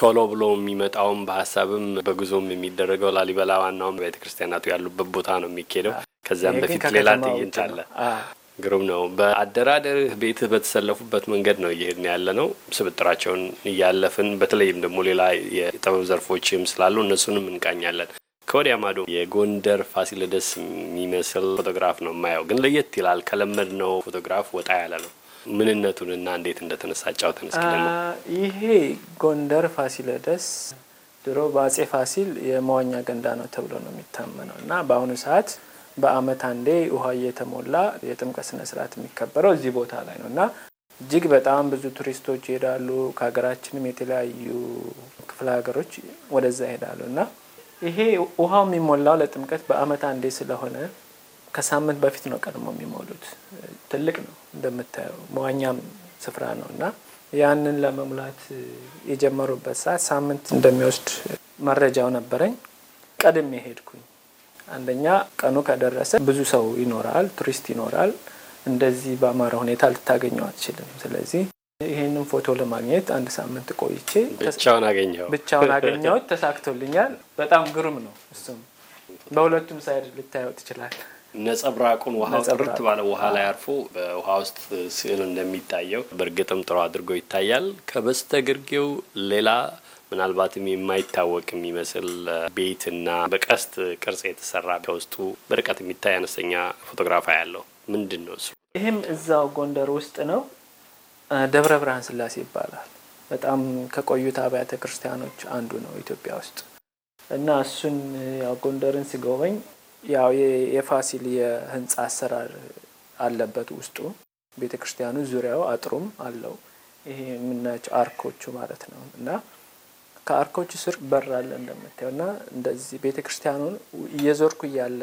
Speaker 2: ቶሎ ብሎ የሚመጣውም በሀሳብም በጉዞም የሚደረገው ላሊበላ ዋናውም ቤተ ክርስቲያናቱ ያሉበት ቦታ ነው የሚካሄደው። ከዚያም በፊት ሌላ ትዕይንት አለ። ግሩም ነው። በአደራደርህ ቤትህ በተሰለፉበት መንገድ ነው እየሄድን ያለ ነው። ስብጥራቸውን እያለፍን በተለይም ደግሞ ሌላ የጥበብ ዘርፎችም ስላሉ እነሱንም እንቃኛለን። ከወዲያ ማዶ የጎንደር ፋሲለደስ የሚመስል ፎቶግራፍ ነው የማየው፣ ግን ለየት ይላል። ከለመድ ነው ፎቶግራፍ ወጣ ያለ ነው። እና እንዴት እንደተነሳጫው ተነስክለን
Speaker 6: ይሄ ጎንደር ፋሲለደስ ድሮ በአጼ ፋሲል የመዋኛ ገንዳ ነው ተብሎ ነው የሚታመነው እና በአሁኑ ሰዓት በአመት አንዴ ውሃ እየተሞላ የጥምቀት ስነስርዓት የሚከበረው እዚህ ቦታ ላይ ነው እና እጅግ በጣም ብዙ ቱሪስቶች ይሄዳሉ። ከሀገራችንም የተለያዩ ክፍለ ሀገሮች ወደዛ ይሄዳሉ እና ይሄ ውሃው የሚሞላው ለጥምቀት በአመት አንዴ ስለሆነ ከሳምንት በፊት ነው ቀድሞ የሚሞሉት። ትልቅ ነው እንደምታየው፣ መዋኛም ስፍራ ነው እና ያንን ለመሙላት የጀመሩበት ሰዓት ሳምንት እንደሚወስድ መረጃው ነበረኝ። ቀድሜ ሄድኩኝ። አንደኛ ቀኑ ከደረሰ ብዙ ሰው ይኖራል፣ ቱሪስት ይኖራል። እንደዚህ በአማረ ሁኔታ ልታገኘው አትችልም። ስለዚህ ይህንን ፎቶ ለማግኘት አንድ ሳምንት ቆይቼ
Speaker 2: ብቻውን አገኘው
Speaker 6: ብቻውን አገኘሁት። ተሳክቶልኛል። በጣም ግሩም ነው። እሱም በሁለቱም ሳይድ ልታየው ትችላል።
Speaker 2: ነጸብራቁን ውሃ ጥርት ባለ ውሃ ላይ አርፎ በውሃ ውስጥ ስዕል እንደሚታየው በእርግጥም ጥሩ አድርጎ ይታያል። ከበስተ ግርጌው ሌላ ምናልባትም የማይታወቅ የሚመስል ቤትና በቀስት ቅርጽ የተሰራ ከውስጡ በርቀት የሚታይ አነስተኛ ፎቶግራፍ ያለው ምንድን ነው እሱ?
Speaker 6: ይህም እዛው ጎንደር ውስጥ ነው። ደብረ ብርሃን ስላሴ ይባላል። በጣም ከቆዩት አብያተ ክርስቲያኖች አንዱ ነው ኢትዮጵያ ውስጥ እና እሱን ያው ጎንደርን ሲጎበኝ? ያው የፋሲል የህንፃ አሰራር አለበት ውስጡ ቤተ ክርስቲያኑ ዙሪያው አጥሩም አለው። ይሄ የምናያቸው አርኮቹ ማለት ነው እና ከአርኮቹ ስር በር አለ እንደምታየው እና እንደዚህ ቤተ ክርስቲያኑን እየዞርኩ እያለ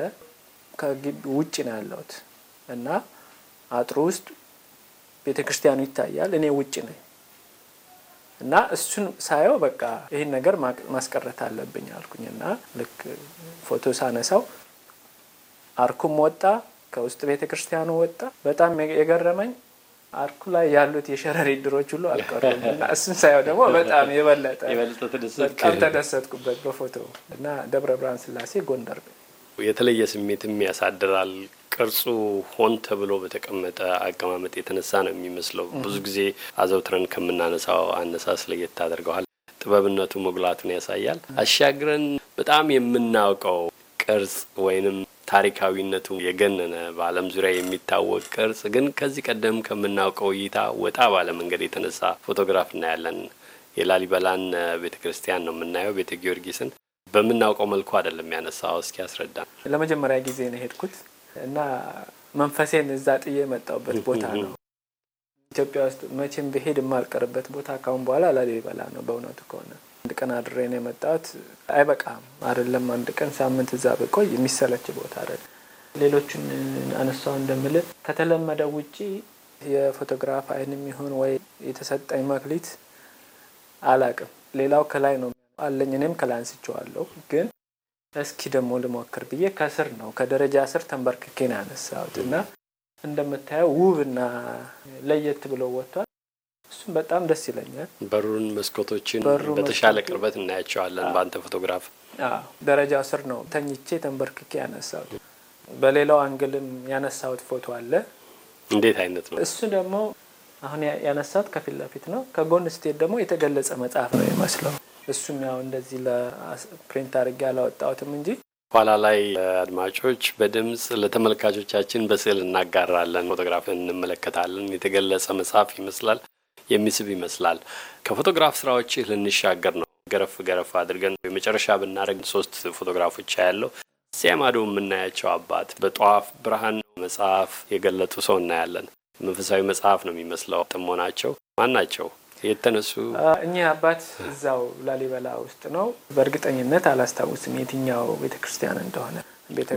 Speaker 6: ከግቢ ውጭ ነው ያለሁት እና አጥሩ ውስጥ ቤተ ክርስቲያኑ ይታያል። እኔ ውጭ ነኝ እና እሱን ሳየው በቃ ይህን ነገር ማስቀረት አለብኝ አልኩኝ እና ልክ ፎቶ ሳነሳው አርኩም ወጣ፣ ከውስጥ ቤተ ክርስቲያኑ ወጣ። በጣም የገረመኝ አርኩ ላይ ያሉት የሸረሪ ድሮች ሁሉ አልቀሩም እና እሱን ሳየው ደግሞ በጣም የበለጠ ተደሰትኩበት በፎቶ እና ደብረ ብርሃን ስላሴ ጎንደር
Speaker 2: የተለየ ስሜትም ያሳድራል። ቅርጹ ሆን ተብሎ በተቀመጠ አቀማመጥ የተነሳ ነው የሚመስለው። ብዙ ጊዜ አዘውትረን ከምናነሳው አነሳስ ለየት ታደርገዋል። ጥበብነቱ መጉላቱን ያሳያል። አሻግረን በጣም የምናውቀው ቅርጽ ወይንም ታሪካዊነቱ የገነነ በዓለም ዙሪያ የሚታወቅ ቅርጽ ግን ከዚህ ቀደም ከምናውቀው እይታ ወጣ ባለ መንገድ የተነሳ ፎቶግራፍ እናያለን። የላሊበላን ቤተ ክርስቲያን ነው የምናየው፣ ቤተ ጊዮርጊስን በምናውቀው መልኩ አይደለም ያነሳው። እስኪ ያስረዳ።
Speaker 6: ለመጀመሪያ ጊዜ ነው ሄድኩት እና መንፈሴን እዛ ጥዬ የመጣውበት ቦታ [laughs] ነው። ኢትዮጵያ ውስጥ መቼም ብሄድ የማልቀርበት ቦታ ካሁን በኋላ ላሊበላ ነው በእውነቱ ከሆነ አንድ ቀን አድሬ ነው የመጣሁት። አይበቃም አይደለም አንድ ቀን ሳምንት እዛ ብቆይ የሚሰለች ቦታ አይደል። ሌሎችን አነሳው እንደምል ከተለመደ ውጪ የፎቶግራፍ አይን የሚሆን ወይ የተሰጠኝ መክሊት አላቅም። ሌላው ከላይ ነው አለኝ፣ እኔም ከላይ አንስቼዋለሁ። ግን እስኪ ደግሞ ልሞክር ብዬ ከስር ነው ከደረጃ ስር ተንበርክኬን ያነሳሁት እና እንደምታየው ውብና ለየት ብሎ ወጥቷል። እሱም በጣም ደስ ይለኛል።
Speaker 2: በሩን መስኮቶችን በተሻለ ቅርበት እናያቸዋለን በአንተ ፎቶግራፍ።
Speaker 6: ደረጃ ስር ነው ተኝቼ ተንበርክኬ ያነሳሁት። በሌላው አንግልም ያነሳሁት ፎቶ አለ።
Speaker 2: እንዴት አይነት ነው እሱ
Speaker 6: ደግሞ? አሁን ያነሳሁት ከፊት ለፊት ነው። ከጎን ስቴት ደግሞ የተገለጸ መጽሐፍ ነው ይመስለው። እሱም ያው እንደዚህ ለፕሪንት አድርጌ አላወጣሁትም እንጂ
Speaker 2: ኋላ ላይ አድማጮች በድምፅ ለተመልካቾቻችን በስዕል እናጋራለን። ፎቶግራፍን እንመለከታለን። የተገለጸ መጽሐፍ ይመስላል። የሚስብ ይመስላል። ከፎቶግራፍ ስራዎች ልንሻገር ነው። ገረፍ ገረፍ አድርገን የመጨረሻ ብናደረግ ሶስት ፎቶግራፎች ያለው ሲያማዶ የምናያቸው አባት በጠዋፍ ብርሃን መጽሐፍ የገለጡ ሰው እናያለን። መንፈሳዊ መጽሐፍ ነው የሚመስለው። ጥሞናቸው ማን ናቸው? የተነሱ
Speaker 6: እኚህ አባት እዛው ላሊበላ ውስጥ ነው። በእርግጠኝነት አላስታውስም የትኛው ቤተክርስቲያን እንደሆነ።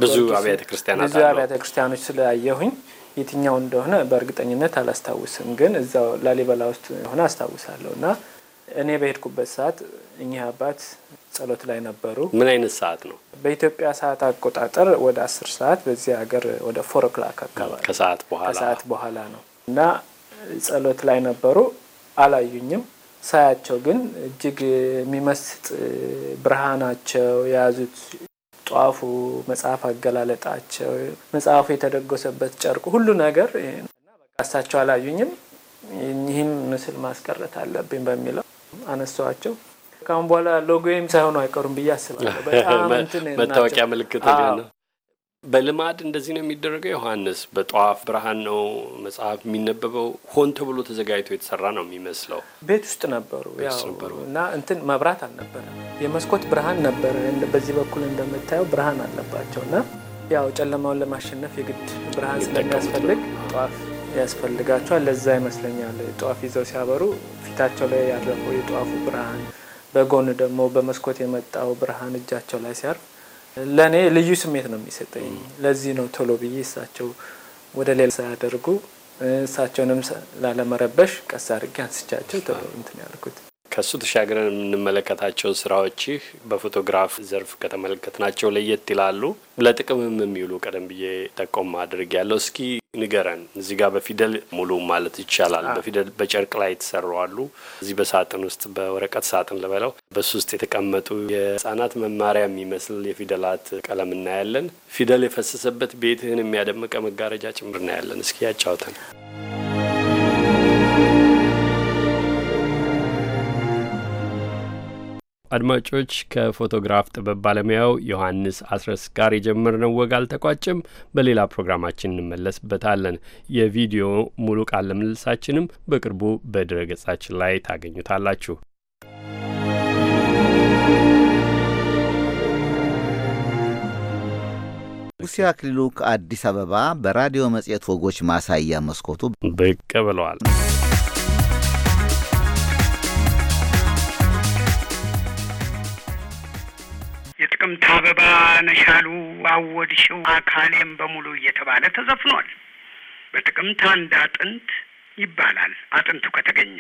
Speaker 6: ብዙ አብያተ
Speaker 2: ክርስቲያናት ብዙ አብያተ
Speaker 6: ክርስቲያኖች ስላየሁኝ የትኛው እንደሆነ በእርግጠኝነት አላስታውስም፣ ግን እዛው ላሊበላ ውስጥ የሆነ አስታውሳለሁ እና እኔ በሄድኩበት ሰዓት እኚህ አባት ጸሎት ላይ ነበሩ። ምን
Speaker 2: አይነት ሰዓት ነው?
Speaker 6: በኢትዮጵያ ሰዓት አቆጣጠር ወደ አስር ሰዓት በዚህ ሀገር ወደ ፎር ኦክላክ አካባቢ
Speaker 2: ከሰዓት
Speaker 6: በኋላ ነው እና ጸሎት ላይ ነበሩ። አላዩኝም። ሳያቸው ግን እጅግ የሚመስጥ ብርሃናቸው የያዙት ጧፉ፣ መጽሐፍ አገላለጣቸው፣ መጽሐፉ የተደጎሰበት ጨርቁ፣ ሁሉ ነገር እሳቸው አላዩኝም። ይህም ምስል ማስቀረት አለብኝ በሚለው አነሷቸው። ካሁን በኋላ ሎጎዬም ሳይሆኑ አይቀሩም ብዬ አስባለሁ። በጣም መታወቂያ ምልክት ነው።
Speaker 2: በልማድ እንደዚህ ነው የሚደረገው። ዮሐንስ በጧፍ ብርሃን ነው መጽሐፍ የሚነበበው። ሆን ተብሎ ተዘጋጅቶ የተሰራ ነው የሚመስለው።
Speaker 6: ቤት ውስጥ ነበሩ እና እንትን መብራት አልነበረም። የመስኮት ብርሃን ነበረ። በዚህ በኩል እንደምታየው ብርሃን አለባቸው እና ያው ጨለማውን ለማሸነፍ የግድ ብርሃን ስለሚያስፈልግ ጠዋፍ ያስፈልጋቸዋል። ለዛ ይመስለኛል ጠዋፍ ይዘው ሲያበሩ ፊታቸው ላይ ያረፈው የጠዋፉ ብርሃን፣ በጎን ደግሞ በመስኮት የመጣው ብርሃን እጃቸው ላይ ሲያርፍ ለእኔ ልዩ ስሜት ነው የሚሰጠኝ። ለዚህ ነው ቶሎ ብዬ እሳቸው ወደ ሌላ ሳያደርጉ እሳቸውንም ላለመረበሽ ቀስ አድርጌ አንስቻቸው ቶሎ እንትን ያልኩት።
Speaker 2: ከእሱ ተሻግረን የምንመለከታቸው ስራዎችህ በፎቶግራፍ ዘርፍ ከተመለከትናቸው ለየት ይላሉ። ለጥቅምም የሚውሉ ቀደም ብዬ ጠቆም አድርግ ያለው እስኪ ንገረን። እዚህ ጋር በፊደል ሙሉ ማለት ይቻላል በፊደል በጨርቅ ላይ የተሰሩ አሉ። እዚህ በሳጥን ውስጥ በወረቀት ሳጥን ልበለው፣ በሱ ውስጥ የተቀመጡ የህጻናት መማሪያ የሚመስል የፊደላት ቀለም እናያለን። ፊደል የፈሰሰበት ቤትህን የሚያደምቀ መጋረጃ ጭምር እናያለን። እስኪ ያጫውተን። አድማጮች ከፎቶግራፍ ጥበብ ባለሙያው ዮሐንስ አስረስ ጋር የጀመርነው ወግ አልተቋጭም። በሌላ ፕሮግራማችን እንመለስበታለን። የቪዲዮ ሙሉ ቃለ ምልልሳችንም በቅርቡ በድረ ገጻችን ላይ ታገኙታላችሁ።
Speaker 1: ንጉሴ አክሊሉ ከአዲስ አበባ በራዲዮ መጽሔት ወጎች ማሳያ መስኮቱ ብቅ ብለዋል።
Speaker 9: ክረምት አበባ ነሻሉ አወድሽው አካሌም በሙሉ እየተባለ ተዘፍኗል። በጥቅምት አንድ አጥንት ይባላል። አጥንቱ ከተገኘ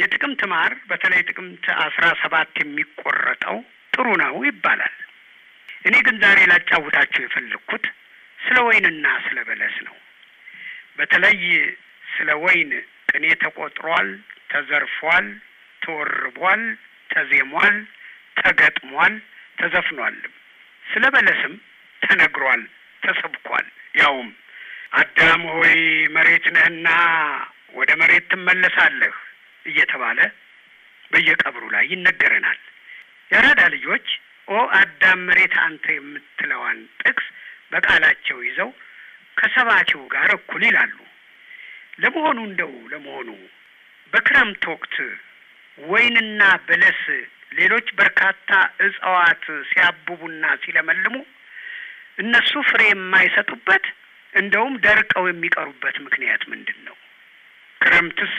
Speaker 9: የጥቅምት ማር በተለይ ጥቅምት አስራ ሰባት የሚቆረጠው ጥሩ ነው ይባላል። እኔ ግን ዛሬ ላጫውታችሁ የፈለግኩት ስለ ወይንና ስለ በለስ ነው። በተለይ ስለ ወይን ቅኔ ተቆጥሯል፣ ተዘርፏል፣ ተወርቧል፣ ተዜሟል፣ ተገጥሟል ተዘፍኗልም። ስለ በለስም ተነግሯል፣ ተሰብኳል። ያውም አዳም ሆይ መሬት ነህና ወደ መሬት ትመለሳለህ እየተባለ በየቀብሩ ላይ ይነገረናል። የአራዳ ልጆች ኦ አዳም መሬት አንተ የምትለዋን ጥቅስ በቃላቸው ይዘው ከሰባኪው ጋር እኩል ይላሉ። ለመሆኑ እንደው ለመሆኑ በክረምት ወቅት ወይንና በለስ ሌሎች በርካታ እጽዋት ሲያብቡና ሲለመልሙ እነሱ ፍሬ የማይሰጡበት እንደውም ደርቀው የሚቀሩበት ምክንያት ምንድን ነው? ክረምትስ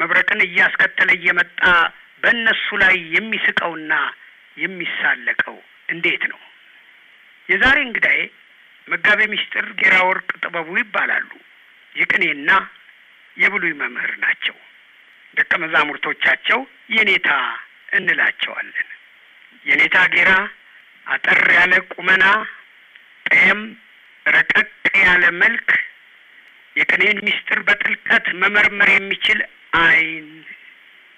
Speaker 9: መብረቅን እያስከተለ እየመጣ በእነሱ ላይ የሚስቀውና የሚሳለቀው እንዴት ነው? የዛሬ እንግዳዬ መጋቤ ምስጢር ጌራ ወርቅ ጥበቡ ይባላሉ። የቅኔና የብሉይ መምህር ናቸው። ደቀ መዛሙርቶቻቸው የኔታ እንላቸዋለን። የኔታ ጌራ አጠር ያለ ቁመና፣ ጤም ረቀቅ ያለ መልክ፣ የቅኔን ምስጢር በጥልቀት መመርመር የሚችል አይን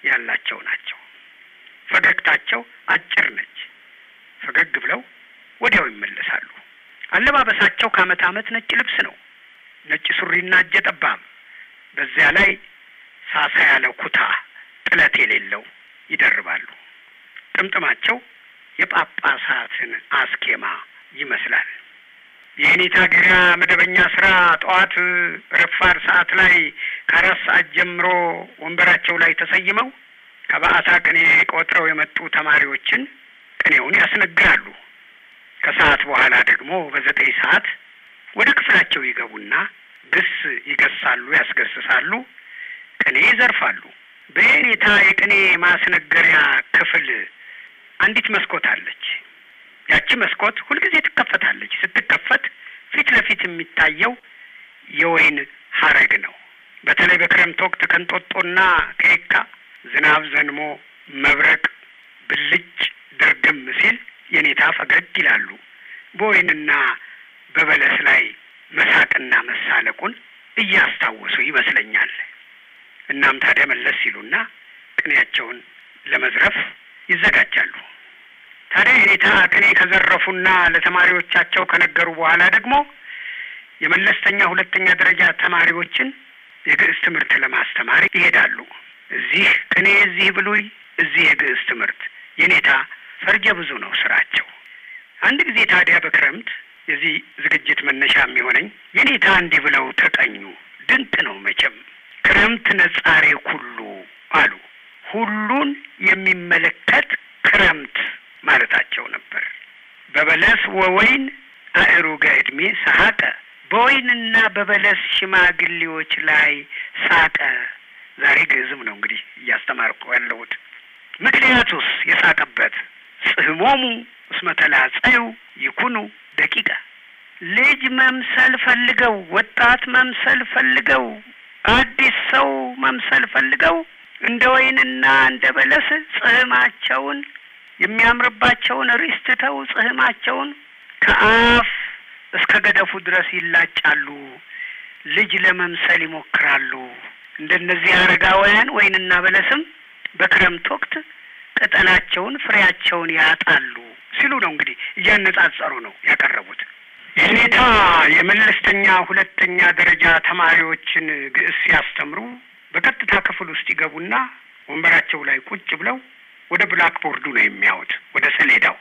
Speaker 9: ያላቸው ናቸው። ፈገግታቸው አጭር ነች። ፈገግ ብለው ወዲያው ይመለሳሉ። አለባበሳቸው ከዓመት ዓመት ነጭ ልብስ ነው። ነጭ ሱሪና እጀ ጠባብ፣ በዚያ ላይ ሳሳ ያለ ኩታ ጥለት የሌለው ይደርባሉ። ጥምጥማቸው የጳጳሳትን አስኬማ ይመስላል። የኔታ ገሪያ መደበኛ ስራ ጠዋት ረፋድ ሰዓት ላይ ከአራት ሰዓት ጀምሮ ወንበራቸው ላይ ተሰይመው ከበዓታ ቅኔ ቆጥረው የመጡ ተማሪዎችን ቅኔውን ያስነግራሉ። ከሰዓት በኋላ ደግሞ በዘጠኝ ሰዓት ወደ ክፍላቸው ይገቡና ግስ ይገሳሉ፣ ያስገስሳሉ፣ ቅኔ ይዘርፋሉ። በየኔታ የቅኔ ማስነገሪያ ክፍል አንዲት መስኮት አለች። ያቺ መስኮት ሁልጊዜ ትከፈታለች። ስትከፈት ፊት ለፊት የሚታየው የወይን ሀረግ ነው። በተለይ በክረምት ወቅት ከንጦጦና ከየካ ዝናብ ዘንሞ መብረቅ ብልጭ ድርግም ሲል የኔታ ፈገግ ይላሉ። በወይንና በበለስ ላይ መሳቅና መሳለቁን እያስታወሱ ይመስለኛል። እናም ታዲያ መለስ ሲሉና ቅኔያቸውን ለመዝረፍ ይዘጋጃሉ። ታዲያ የኔታ ቅኔ ከዘረፉና ለተማሪዎቻቸው ከነገሩ በኋላ ደግሞ የመለስተኛ ሁለተኛ ደረጃ ተማሪዎችን የግዕዝ ትምህርት ለማስተማር ይሄዳሉ። እዚህ ቅኔ፣ እዚህ ብሉይ፣ እዚህ የግዕዝ ትምህርት። የኔታ ፈርጀ ብዙ ነው ስራቸው። አንድ ጊዜ ታዲያ በክረምት የዚህ ዝግጅት መነሻ የሚሆነኝ የኔታ እንዲህ ብለው ተቀኙ። ድንቅ ነው መቼም ክረምት ነጻሬ ኩሉ አሉ። ሁሉን የሚመለከት ክረምት ማለታቸው ነበር። በበለስ ወወይን አእሩገ እድሜ ሳቀ በወይንና በበለስ ሽማግሌዎች ላይ ሳቀ። ዛሬ ግዕዝም ነው እንግዲህ እያስተማርኩ ያለሁት። ምክንያቱስ የሳቀበት ጽህሞሙ እስመ ተላጸዩ ይኩኑ ደቂቀ ልጅ መምሰል ፈልገው ወጣት መምሰል ፈልገው አዲስ ሰው መምሰል ፈልገው እንደ ወይንና እንደ በለስ ጽህማቸውን የሚያምርባቸውን ሪስትተው ጽህማቸውን ከአፍ እስከ ገደፉ ድረስ ይላጫሉ። ልጅ ለመምሰል ይሞክራሉ። እንደነዚህ አረጋውያን ወይንና በለስም በክረምት ወቅት ቅጠላቸውን ፍሬያቸውን ያጣሉ ሲሉ ነው እንግዲህ እያነጻጸሩ ነው ያቀረቡት። የኔታ የመለስተኛ ሁለተኛ ደረጃ ተማሪዎችን ግዕዝ ሲያስተምሩ በቀጥታ ክፍል ውስጥ ይገቡና ወንበራቸው ላይ ቁጭ ብለው ወደ ብላክቦርዱ ነው የሚያዩት፣ ወደ ሰሌዳው።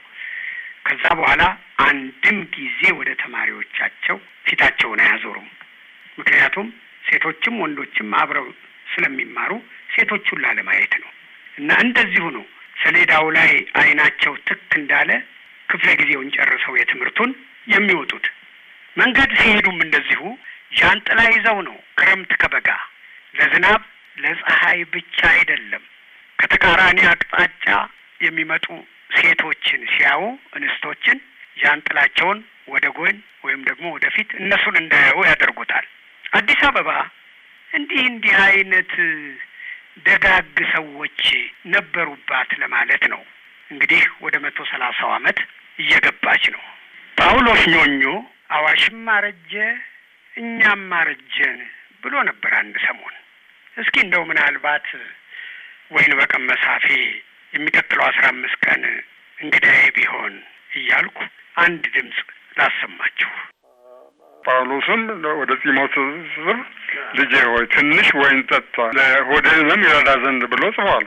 Speaker 9: ከዛ በኋላ አንድም ጊዜ ወደ ተማሪዎቻቸው ፊታቸውን አያዞሩም። ምክንያቱም ሴቶችም ወንዶችም አብረው ስለሚማሩ ሴቶቹን ላለማየት ነው። እና እንደዚሁ ነው። ሰሌዳው ላይ አይናቸው ትክ እንዳለ ክፍለ ጊዜውን ጨርሰው የትምህርቱን የሚወጡት። መንገድ ሲሄዱም እንደዚሁ ጃንጥላ ይዘው ነው። ክረምት ከበጋ ለዝናብ ለፀሐይ ብቻ አይደለም። ከተቃራኒ አቅጣጫ የሚመጡ ሴቶችን ሲያዩ እንስቶችን ጃንጥላቸውን ወደ ጎን ወይም ደግሞ ወደፊት እነሱን እንዳያዩ ያደርጉታል። አዲስ አበባ እንዲህ እንዲህ አይነት ደጋግ ሰዎች ነበሩባት ለማለት ነው። እንግዲህ ወደ መቶ ሰላሳው አመት እየገባች ነው። ጳውሎስ ኞኞ አዋሽም አረጀ እኛም አረጀን ብሎ ነበር አንድ ሰሞን። እስኪ እንደው ምናልባት ወይን በቀን መሳፌ የሚቀጥለው አስራ አምስት ቀን እንግዳዬ ቢሆን እያልኩ አንድ ድምፅ ላሰማችሁ።
Speaker 8: ጳውሎስን ወደ ጢሞቴዎስ ስር ልጄ ሆይ ትንሽ ወይን ጠጣ ለሆዴንም ይረዳ ዘንድ ብሎ ጽፏል።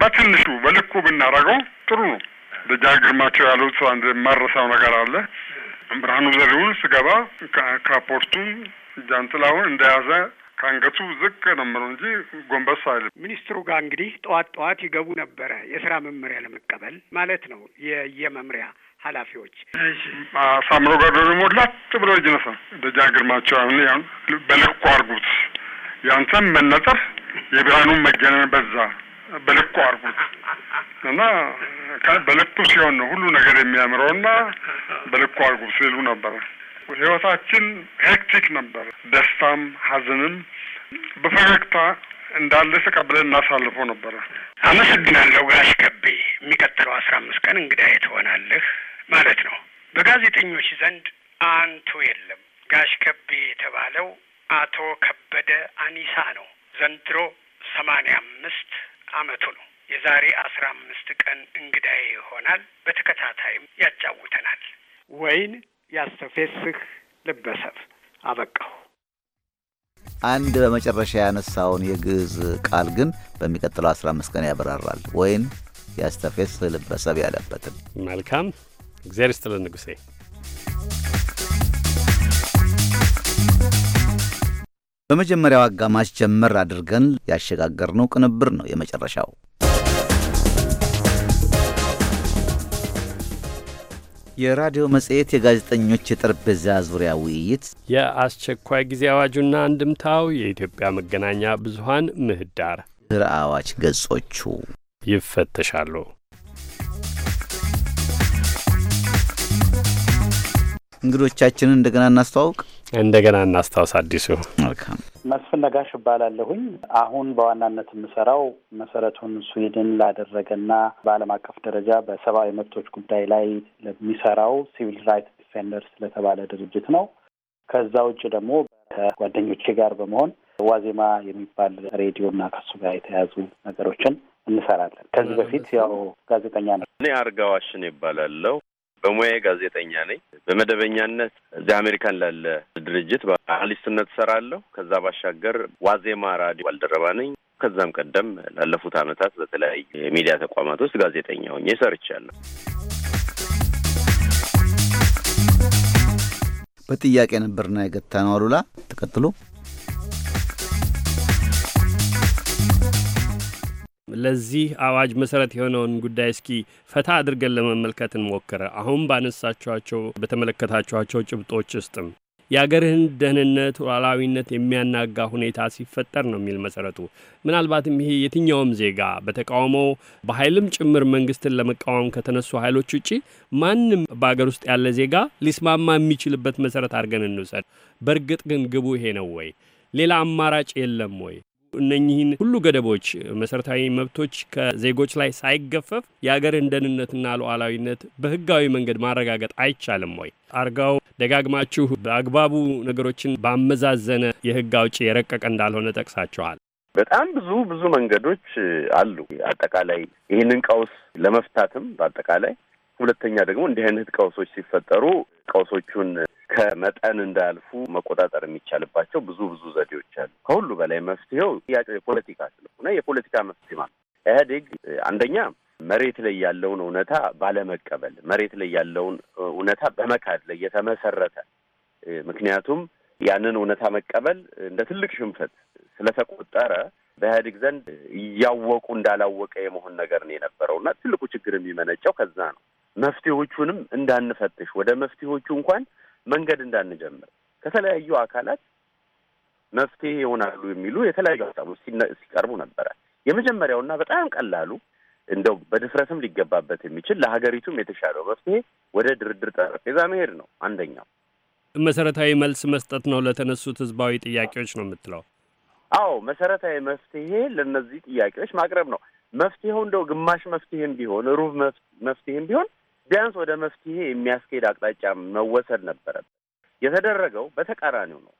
Speaker 8: በትንሹ በልኩ ብናደርገው ጥሩ ነው። ደጃች ግርማቸው ያሉት አንድ የማረሳው ነገር አለ። ብርሃኑ ዘሪሁን ስገባ ካፖርቱን ጃንጥላውን እንደያዘ ከአንገቱ ዝቅ ነምሩ እንጂ ጎንበስ አይልም። ሚኒስትሩ ጋር እንግዲህ ጠዋት ጠዋት ይገቡ
Speaker 9: ነበረ የስራ መመሪያ ለመቀበል ማለት ነው የየመምሪያ ኃላፊዎች
Speaker 8: ሳምሮ ጋር ደግሞ ላጥ ብሎ ይነሳ ደጃች ግርማቸው አሁን በልኩ አርጉት ያንተም መነጠር የብርሃኑን መገነን በዛ በልኩ አድርጉት እና በልኩ ሲሆን ነው ሁሉ ነገር የሚያምረው እና በልኩ ሲሉ ነበረ። ህይወታችን ሄክቲክ ነበር። ደስታም ሀዘንም በፈገግታ እንዳለ ተቀብለን እናሳልፎ ነበረ። አመሰግናለሁ ጋሽ ከቤ። የሚቀጥለው አስራ
Speaker 9: አምስት ቀን እንግዳዬ ትሆናለህ ማለት ነው። በጋዜጠኞች ዘንድ አንቱ የለም። ጋሽ ከቤ የተባለው አቶ ከበደ አኒሳ ነው። ዘንድሮ ሰማንያ አምስት አመቱ ነው። የዛሬ አስራ አምስት ቀን እንግዳዬ ይሆናል። በተከታታይም ያጫውተናል። ወይን ያስተፌስህ ልበሰብ አበቃሁ።
Speaker 1: አንድ በመጨረሻ ያነሳውን የግዕዝ ቃል ግን በሚቀጥለው አስራ አምስት ቀን ያብራራል። ወይን ያስተፌስህ ልበሰብ ያለበትን
Speaker 2: መልካም እግዚአብሔር ይስጥልን ንጉሴ
Speaker 1: በመጀመሪያው አጋማሽ ጀመር አድርገን ያሸጋገርነው ቅንብር ነው የመጨረሻው። የራዲዮ መጽሔት የጋዜጠኞች የጠረጴዛ ዙሪያ ውይይት
Speaker 2: የአስቸኳይ ጊዜ አዋጁና አንድምታው፣ የኢትዮጵያ መገናኛ ብዙሀን
Speaker 1: ምህዳር፣ ድረ አዋጅ ገጾቹ ይፈተሻሉ። እንግዶቻችንን እንደገና
Speaker 2: እናስተዋውቅ። እንደገና እናስታውስ። አዲሱ
Speaker 4: መስፍን ነጋሽ እባላለሁኝ። አሁን በዋናነት የምሰራው መሰረቱን ስዊድን ላደረገና በዓለም አቀፍ ደረጃ በሰብአዊ መብቶች ጉዳይ ላይ ለሚሰራው ሲቪል ራይትስ ዲፌንደርስ ለተባለ ድርጅት ነው። ከዛ ውጭ ደግሞ ከጓደኞቼ ጋር በመሆን ዋዜማ የሚባል ሬዲዮና ከሱ ጋር የተያዙ ነገሮችን እንሰራለን። ከዚህ በፊት ያው ጋዜጠኛ ነው።
Speaker 5: እኔ አርጋዋሽን ይባላለው በሙያዬ ጋዜጠኛ ነኝ። በመደበኛነት እዚህ አሜሪካን ላለ ድርጅት በአናሊስትነት ሰራለሁ። ከዛ ባሻገር ዋዜማ ራዲዮ ባልደረባ ነኝ። ከዛም ቀደም ላለፉት ዓመታት በተለያዩ የሚዲያ ተቋማት ውስጥ ጋዜጠኛ ሆኜ ሰርቻለሁ።
Speaker 1: በጥያቄ ነበርና የገታ ነው አሉላ ተቀጥሎ
Speaker 2: ለዚህ አዋጅ መሰረት የሆነውን ጉዳይ እስኪ ፈታ አድርገን ለመመልከት እንሞክር አሁን ባነሳችኋቸው በተመለከታችኋቸው ጭብጦች ውስጥም የአገርህን ደህንነት ሉዓላዊነት የሚያናጋ ሁኔታ ሲፈጠር ነው የሚል መሰረቱ። ምናልባትም ይሄ የትኛውም ዜጋ በተቃውሞ በኃይልም ጭምር መንግስትን ለመቃወም ከተነሱ ኃይሎች ውጪ ማንም በአገር ውስጥ ያለ ዜጋ ሊስማማ የሚችልበት መሰረት አድርገን እንውሰድ። በእርግጥ ግን ግቡ ይሄ ነው ወይ? ሌላ አማራጭ የለም ወይ? እነኚህን ሁሉ ገደቦች መሰረታዊ መብቶች ከዜጎች ላይ ሳይገፈፍ የአገርን ደህንነትና ሉዓላዊነት በህጋዊ መንገድ ማረጋገጥ አይቻልም ወይ? አርጋው ደጋግማችሁ በአግባቡ ነገሮችን ባመዛዘነ የህግ አውጪ የረቀቀ እንዳልሆነ ጠቅሳችኋል።
Speaker 5: በጣም ብዙ ብዙ መንገዶች አሉ። አጠቃላይ ይህንን ቀውስ ለመፍታትም በአጠቃላይ ሁለተኛ ደግሞ እንዲህ አይነት ቀውሶች ሲፈጠሩ ቀውሶቹን ከመጠን እንዳልፉ መቆጣጠር የሚቻልባቸው ብዙ ብዙ ዘዴዎች አሉ። ከሁሉ በላይ መፍትሄው የፖለቲካ ስለሆነ የፖለቲካ መፍትሄ ማለት ኢህአዴግ አንደኛ መሬት ላይ ያለውን እውነታ ባለመቀበል፣ መሬት ላይ ያለውን እውነታ በመካድ ላይ የተመሰረተ ምክንያቱም ያንን እውነታ መቀበል እንደ ትልቅ ሽንፈት ስለተቆጠረ በኢህአዴግ ዘንድ እያወቁ እንዳላወቀ የመሆን ነገር ነው የነበረው እና ትልቁ ችግር የሚመነጨው ከዛ ነው። መፍትሄዎቹንም እንዳንፈትሽ ወደ መፍትሄዎቹ እንኳን መንገድ እንዳንጀምር ከተለያዩ አካላት መፍትሄ ይሆናሉ የሚሉ የተለያዩ ሀሳቦች ሲቀርቡ ነበረ። የመጀመሪያውና በጣም ቀላሉ እንደው በድፍረትም ሊገባበት የሚችል ለሀገሪቱም የተሻለው መፍትሄ ወደ ድርድር ጠረጴዛ መሄድ ነው። አንደኛው
Speaker 2: መሰረታዊ መልስ መስጠት ነው ለተነሱት ህዝባዊ ጥያቄዎች ነው የምትለው?
Speaker 5: አዎ መሰረታዊ መፍትሄ ለእነዚህ ጥያቄዎች ማቅረብ ነው። መፍትሄው እንደው ግማሽ መፍትሄም ቢሆን ሩብ መፍትሄም ቢሆን ቢያንስ ወደ መፍትሄ የሚያስኬድ አቅጣጫ መወሰድ ነበረበት። የተደረገው በተቃራኒው ነው።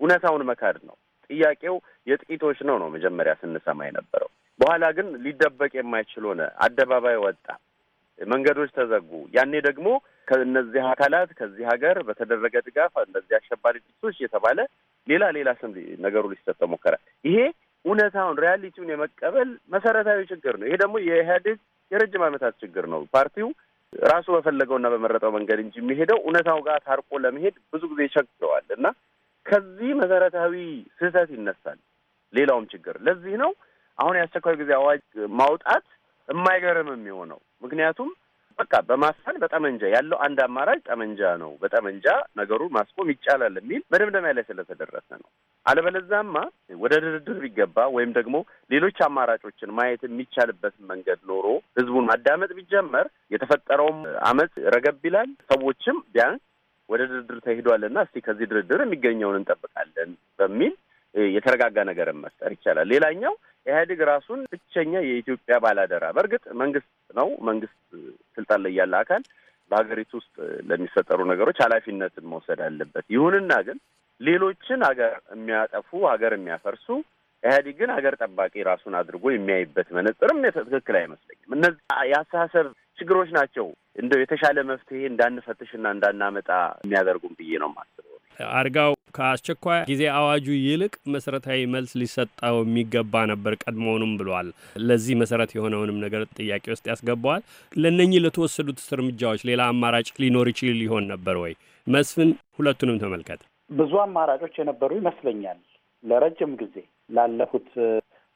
Speaker 5: እውነታውን መካድ ነው። ጥያቄው የጥቂቶች ነው ነው መጀመሪያ ስንሰማ የነበረው። በኋላ ግን ሊደበቅ የማይችል ሆነ፣ አደባባይ ወጣ፣ መንገዶች ተዘጉ። ያኔ ደግሞ ከእነዚህ አካላት ከዚህ ሀገር በተደረገ ድጋፍ እነዚህ አሸባሪ ድርጅቶች እየተባለ ሌላ ሌላ ስም ነገሩ ሊሰጠው ሞከራ። ይሄ እውነታውን ሪያሊቲውን የመቀበል መሰረታዊ ችግር ነው። ይሄ ደግሞ የኢህአዴግ የረጅም ዓመታት ችግር ነው። ፓርቲው ራሱ በፈለገውና በመረጠው መንገድ እንጂ የሚሄደው እውነታው ጋር ታርቆ ለመሄድ ብዙ ጊዜ ይቸግረዋል እና ከዚህ መሰረታዊ ስህተት ይነሳል ሌላውም ችግር። ለዚህ ነው አሁን የአስቸኳይ ጊዜ አዋጅ ማውጣት የማይገርም የሚሆነው ምክንያቱም በቃ በማፈን በጠመንጃ ያለው አንድ አማራጭ ጠመንጃ ነው። በጠመንጃ ነገሩን ማስቆም ይቻላል የሚል መደምደሚያ ላይ ስለተደረሰ ነው። አለበለዛማ ወደ ድርድር ቢገባ ወይም ደግሞ ሌሎች አማራጮችን ማየት የሚቻልበት መንገድ ኖሮ ህዝቡን ማዳመጥ ቢጀመር የተፈጠረውም አመፅ ረገብ ይላል። ሰዎችም ቢያንስ ወደ ድርድር ተሄዷልና እስቲ ከዚህ ድርድር የሚገኘውን እንጠብቃለን በሚል የተረጋጋ ነገርን መፍጠር ይቻላል። ሌላኛው ኢህአዴግ ራሱን ብቸኛ የኢትዮጵያ ባላደራ በእርግጥ መንግስት ነው። መንግስት ስልጣን ላይ ያለ አካል በሀገሪቱ ውስጥ ለሚፈጠሩ ነገሮች ኃላፊነትን መውሰድ አለበት። ይሁንና ግን ሌሎችን ሀገር የሚያጠፉ ሀገር የሚያፈርሱ ግን ሀገር ጠባቂ ራሱን አድርጎ የሚያይበት መነጽርም ትክክል አይመስለኝም። እነዚህ የአስተሳሰብ ችግሮች ናቸው እንደው የተሻለ መፍትሄ እንዳንፈትሽና እንዳናመጣ የሚያደርጉም ብዬ ነው የማስበው።
Speaker 2: አርጋው ከአስቸኳይ ጊዜ አዋጁ ይልቅ መሰረታዊ መልስ ሊሰጠው የሚገባ ነበር ቀድሞውንም ብሏል። ለዚህ መሰረት የሆነውንም ነገር ጥያቄ ውስጥ ያስገባዋል። ለነኚህ ለተወሰዱት እርምጃዎች ሌላ አማራጭ ሊኖር ይችል ሊሆን ነበር ወይ? መስፍን፣ ሁለቱንም ተመልከት።
Speaker 4: ብዙ አማራጮች የነበሩ ይመስለኛል። ለረጅም ጊዜ ላለፉት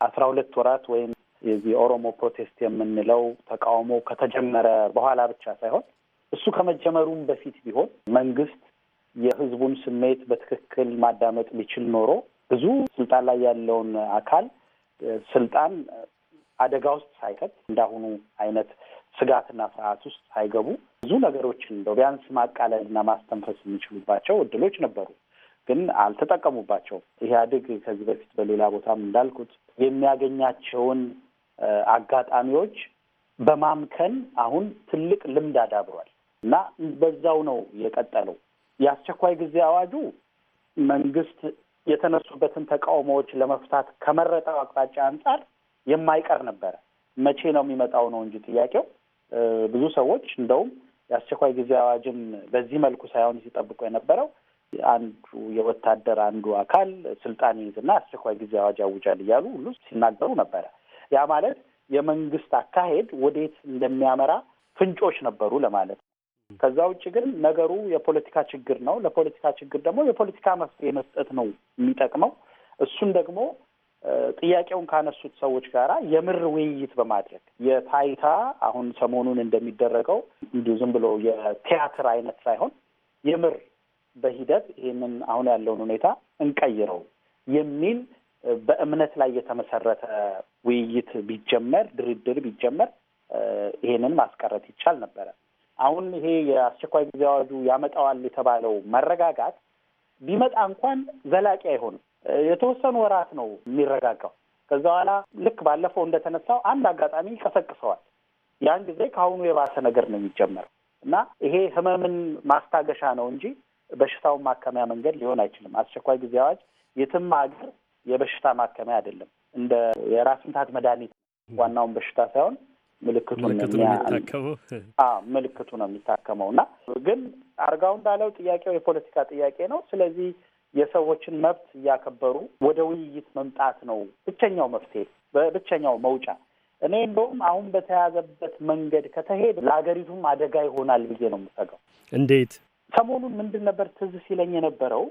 Speaker 4: አስራ ሁለት ወራት ወይም የዚህ ኦሮሞ ፕሮቴስት የምንለው ተቃውሞ ከተጀመረ በኋላ ብቻ ሳይሆን እሱ ከመጀመሩም በፊት ቢሆን መንግስት የህዝቡን ስሜት በትክክል ማዳመጥ ቢችል ኖሮ ብዙ ስልጣን ላይ ያለውን አካል ስልጣን አደጋ ውስጥ ሳይከት እንዳሁኑ አይነት ስጋትና ፍርሃት ውስጥ ሳይገቡ ብዙ ነገሮችን እንደው ቢያንስ ማቃለልና ማስተንፈስ የሚችሉባቸው እድሎች ነበሩ፣ ግን አልተጠቀሙባቸውም። ኢህአዴግ ከዚህ በፊት በሌላ ቦታም እንዳልኩት የሚያገኛቸውን አጋጣሚዎች በማምከን አሁን ትልቅ ልምድ አዳብሯል እና በዛው ነው የቀጠለው። የአስቸኳይ ጊዜ አዋጁ መንግስት የተነሱበትን ተቃውሞዎች ለመፍታት ከመረጠው አቅጣጫ አንጻር የማይቀር ነበረ። መቼ ነው የሚመጣው ነው እንጂ ጥያቄው። ብዙ ሰዎች እንደውም የአስቸኳይ ጊዜ አዋጅን በዚህ መልኩ ሳይሆን ሲጠብቁ የነበረው አንዱ የወታደር አንዱ አካል ስልጣን ይዝና አስቸኳይ ጊዜ አዋጅ ያውጃል እያሉ ሁሉ ሲናገሩ ነበረ። ያ ማለት የመንግስት አካሄድ ወዴት እንደሚያመራ ፍንጮች ነበሩ ለማለት ከዛ ውጭ ግን ነገሩ የፖለቲካ ችግር ነው። ለፖለቲካ ችግር ደግሞ የፖለቲካ መፍትሄ መስጠት ነው የሚጠቅመው። እሱን ደግሞ ጥያቄውን ካነሱት ሰዎች ጋራ የምር ውይይት በማድረግ የታይታ አሁን ሰሞኑን እንደሚደረገው እንዲሁ ዝም ብሎ የቲያትር አይነት ሳይሆን የምር በሂደት ይህንን አሁን ያለውን ሁኔታ እንቀይረው የሚል በእምነት ላይ የተመሰረተ ውይይት ቢጀመር፣ ድርድር ቢጀመር ይሄንን ማስቀረት ይቻል ነበረ። አሁን ይሄ የአስቸኳይ ጊዜ አዋጁ ያመጣዋል የተባለው መረጋጋት ቢመጣ እንኳን ዘላቂ አይሆንም። የተወሰኑ ወራት ነው የሚረጋጋው። ከዛ በኋላ ልክ ባለፈው እንደተነሳው አንድ አጋጣሚ ይቀሰቅሰዋል። ያን ጊዜ ከአሁኑ የባሰ ነገር ነው የሚጀመረው እና ይሄ ህመምን ማስታገሻ ነው እንጂ በሽታውን ማከሚያ መንገድ ሊሆን አይችልም። አስቸኳይ ጊዜ አዋጅ የትም ሀገር የበሽታ ማከሚያ አይደለም። እንደ የራስ ምታት መድኃኒት ዋናውን በሽታ ሳይሆን ምልክቱን ምልክቱ ነው የሚታከመው እና ግን አርጋው እንዳለው ጥያቄው የፖለቲካ ጥያቄ ነው። ስለዚህ የሰዎችን መብት እያከበሩ ወደ ውይይት መምጣት ነው ብቸኛው መፍትሄ፣ ብቸኛው መውጫ። እኔ እንደውም አሁን በተያዘበት መንገድ ከተሄደ ለሀገሪቱም አደጋ ይሆናል ብዬ ነው የምሰጋው። እንዴት? ሰሞኑን ምንድን ነበር ትዝ ሲለኝ የነበረው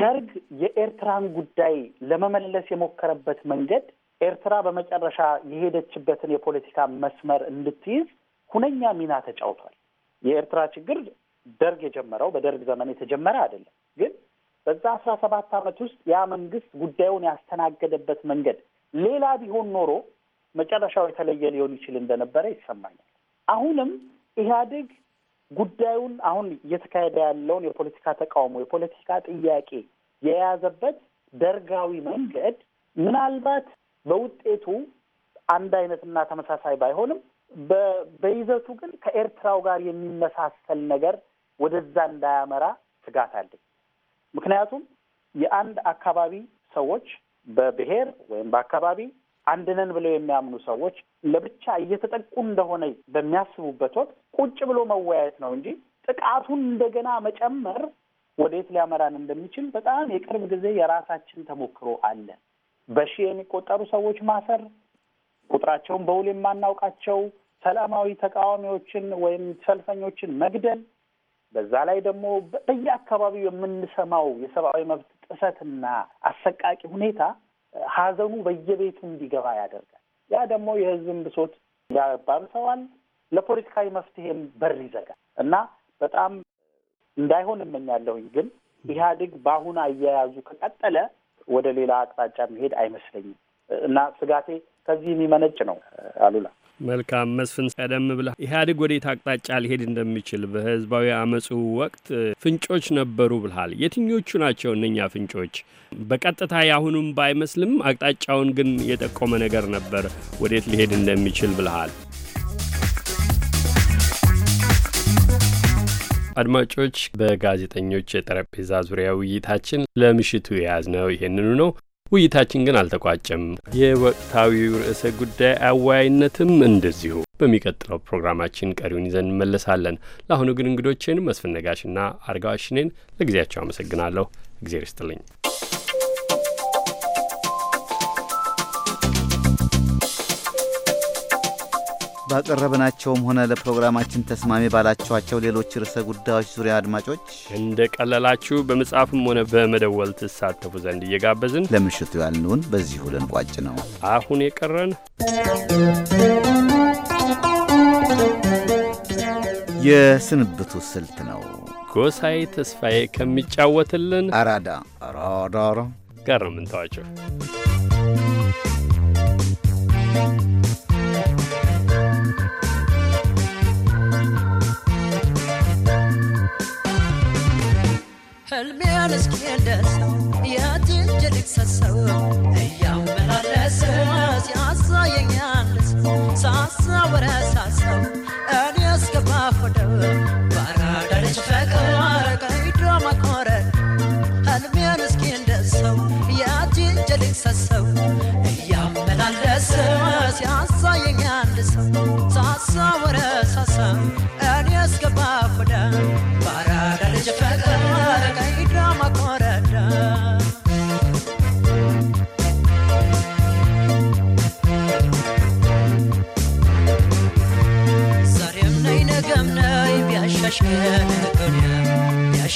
Speaker 4: ደርግ የኤርትራን ጉዳይ ለመመለስ የሞከረበት መንገድ ኤርትራ በመጨረሻ የሄደችበትን የፖለቲካ መስመር እንድትይዝ ሁነኛ ሚና ተጫውቷል። የኤርትራ ችግር ደርግ የጀመረው በደርግ ዘመን የተጀመረ አይደለም። ግን በዛ አስራ ሰባት ዓመት ውስጥ ያ መንግስት ጉዳዩን ያስተናገደበት መንገድ ሌላ ቢሆን ኖሮ መጨረሻው የተለየ ሊሆን ይችል እንደነበረ ይሰማኛል። አሁንም ኢህአዴግ ጉዳዩን አሁን እየተካሄደ ያለውን የፖለቲካ ተቃውሞ፣ የፖለቲካ ጥያቄ የያዘበት ደርጋዊ መንገድ ምናልባት በውጤቱ አንድ አይነትና ተመሳሳይ ባይሆንም በይዘቱ ግን ከኤርትራው ጋር የሚመሳሰል ነገር ወደዛ እንዳያመራ ስጋት አለኝ። ምክንያቱም የአንድ አካባቢ ሰዎች በብሔር ወይም በአካባቢ አንድነን ብለው የሚያምኑ ሰዎች ለብቻ እየተጠቁ እንደሆነ በሚያስቡበት ወቅት ቁጭ ብሎ መወያየት ነው እንጂ ጥቃቱን እንደገና መጨመር ወዴት ሊያመራን እንደሚችል በጣም የቅርብ ጊዜ የራሳችን ተሞክሮ አለ። በሺህ የሚቆጠሩ ሰዎች ማሰር፣ ቁጥራቸውን በውል የማናውቃቸው ሰላማዊ ተቃዋሚዎችን ወይም ሰልፈኞችን መግደል፣ በዛ ላይ ደግሞ በየአካባቢው የምንሰማው የሰብአዊ መብት ጥሰትና አሰቃቂ ሁኔታ ሀዘኑ በየቤቱ እንዲገባ ያደርጋል። ያ ደግሞ የህዝብን ብሶት ያባብሰዋል፣ ለፖለቲካዊ መፍትሄም በር ይዘጋል እና በጣም እንዳይሆን እመኛለሁኝ። ግን ኢህአዴግ በአሁን አያያዙ ከቀጠለ ወደ ሌላ አቅጣጫ መሄድ አይመስለኝም እና ስጋቴ ከዚህ የሚመነጭ ነው። አሉላ
Speaker 2: መልካም መስፍን፣ ቀደም ብላ ኢህአዴግ ወዴት አቅጣጫ ሊሄድ እንደሚችል በህዝባዊ አመፁ ወቅት ፍንጮች ነበሩ ብልሃል። የትኞቹ ናቸው እነኛ ፍንጮች? በቀጥታ ያሁኑም ባይመስልም አቅጣጫውን ግን የጠቆመ ነገር ነበር ወዴት ሊሄድ እንደሚችል ብልሃል። አድማጮች፣ በጋዜጠኞች የጠረጴዛ ዙሪያ ውይይታችን ለምሽቱ የያዝነው ይህንኑ ነው። ውይይታችን ግን አልተቋጨም። የወቅታዊው ርዕሰ ጉዳይ አወያይነትም እንደዚሁ በሚቀጥለው ፕሮግራማችን ቀሪውን ይዘን እንመለሳለን። ለአሁኑ ግን እንግዶችን መስፍን ነጋሽና አርጋዋሽኔን ለጊዜያቸው አመሰግናለሁ።
Speaker 1: እግዜር ይስጥልኝ። ባቀረብናቸውም ሆነ ለፕሮግራማችን ተስማሚ ባላችኋቸው ሌሎች ርዕሰ ጉዳዮች ዙሪያ አድማጮች እንደ ቀለላችሁ በመጻፍም
Speaker 2: ሆነ በመደወል ትሳተፉ ዘንድ እየጋበዝን
Speaker 1: ለምሽቱ ያልንውን በዚሁ ልንቋጭ ነው።
Speaker 2: አሁን የቀረን
Speaker 1: የስንብቱ ስልት ነው።
Speaker 2: ጎሳዬ ተስፋዬ ከሚጫወትልን አራዳ አራዳራ ጋር ነው የምንተዋቸው።
Speaker 3: ህልሜ እስኪደርሰው የትንጀልቅ ሰሰው ወረ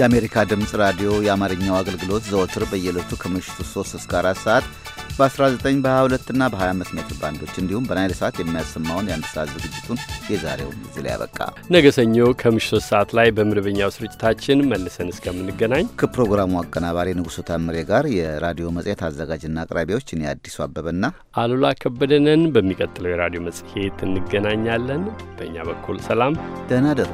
Speaker 1: የአሜሪካ ድምፅ ራዲዮ የአማርኛው አገልግሎት ዘወትር በየዕለቱ ከምሽቱ 3 እስከ 4 ሰዓት በ19 በ22 እና በ25 ሜትር ባንዶች እንዲሁም በናይል ሰዓት የሚያሰማውን የአንድ ሰዓት ዝግጅቱን የዛሬውን እዚህ ላይ ያበቃ። ነገ ሰኞ ከምሽቱ 3 ሰዓት ላይ በመደበኛው ስርጭታችን መልሰን እስከምንገናኝ ከፕሮግራሙ አቀናባሪ ንጉሱ ታምሬ ጋር የራዲዮ መጽሔት አዘጋጅና አቅራቢዎች እኔ አዲሱ አበበና አሉላ ከበደነን በሚቀጥለው የራዲዮ መጽሔት
Speaker 2: እንገናኛለን። በእኛ በኩል ሰላም፣ ደህና ደሩ።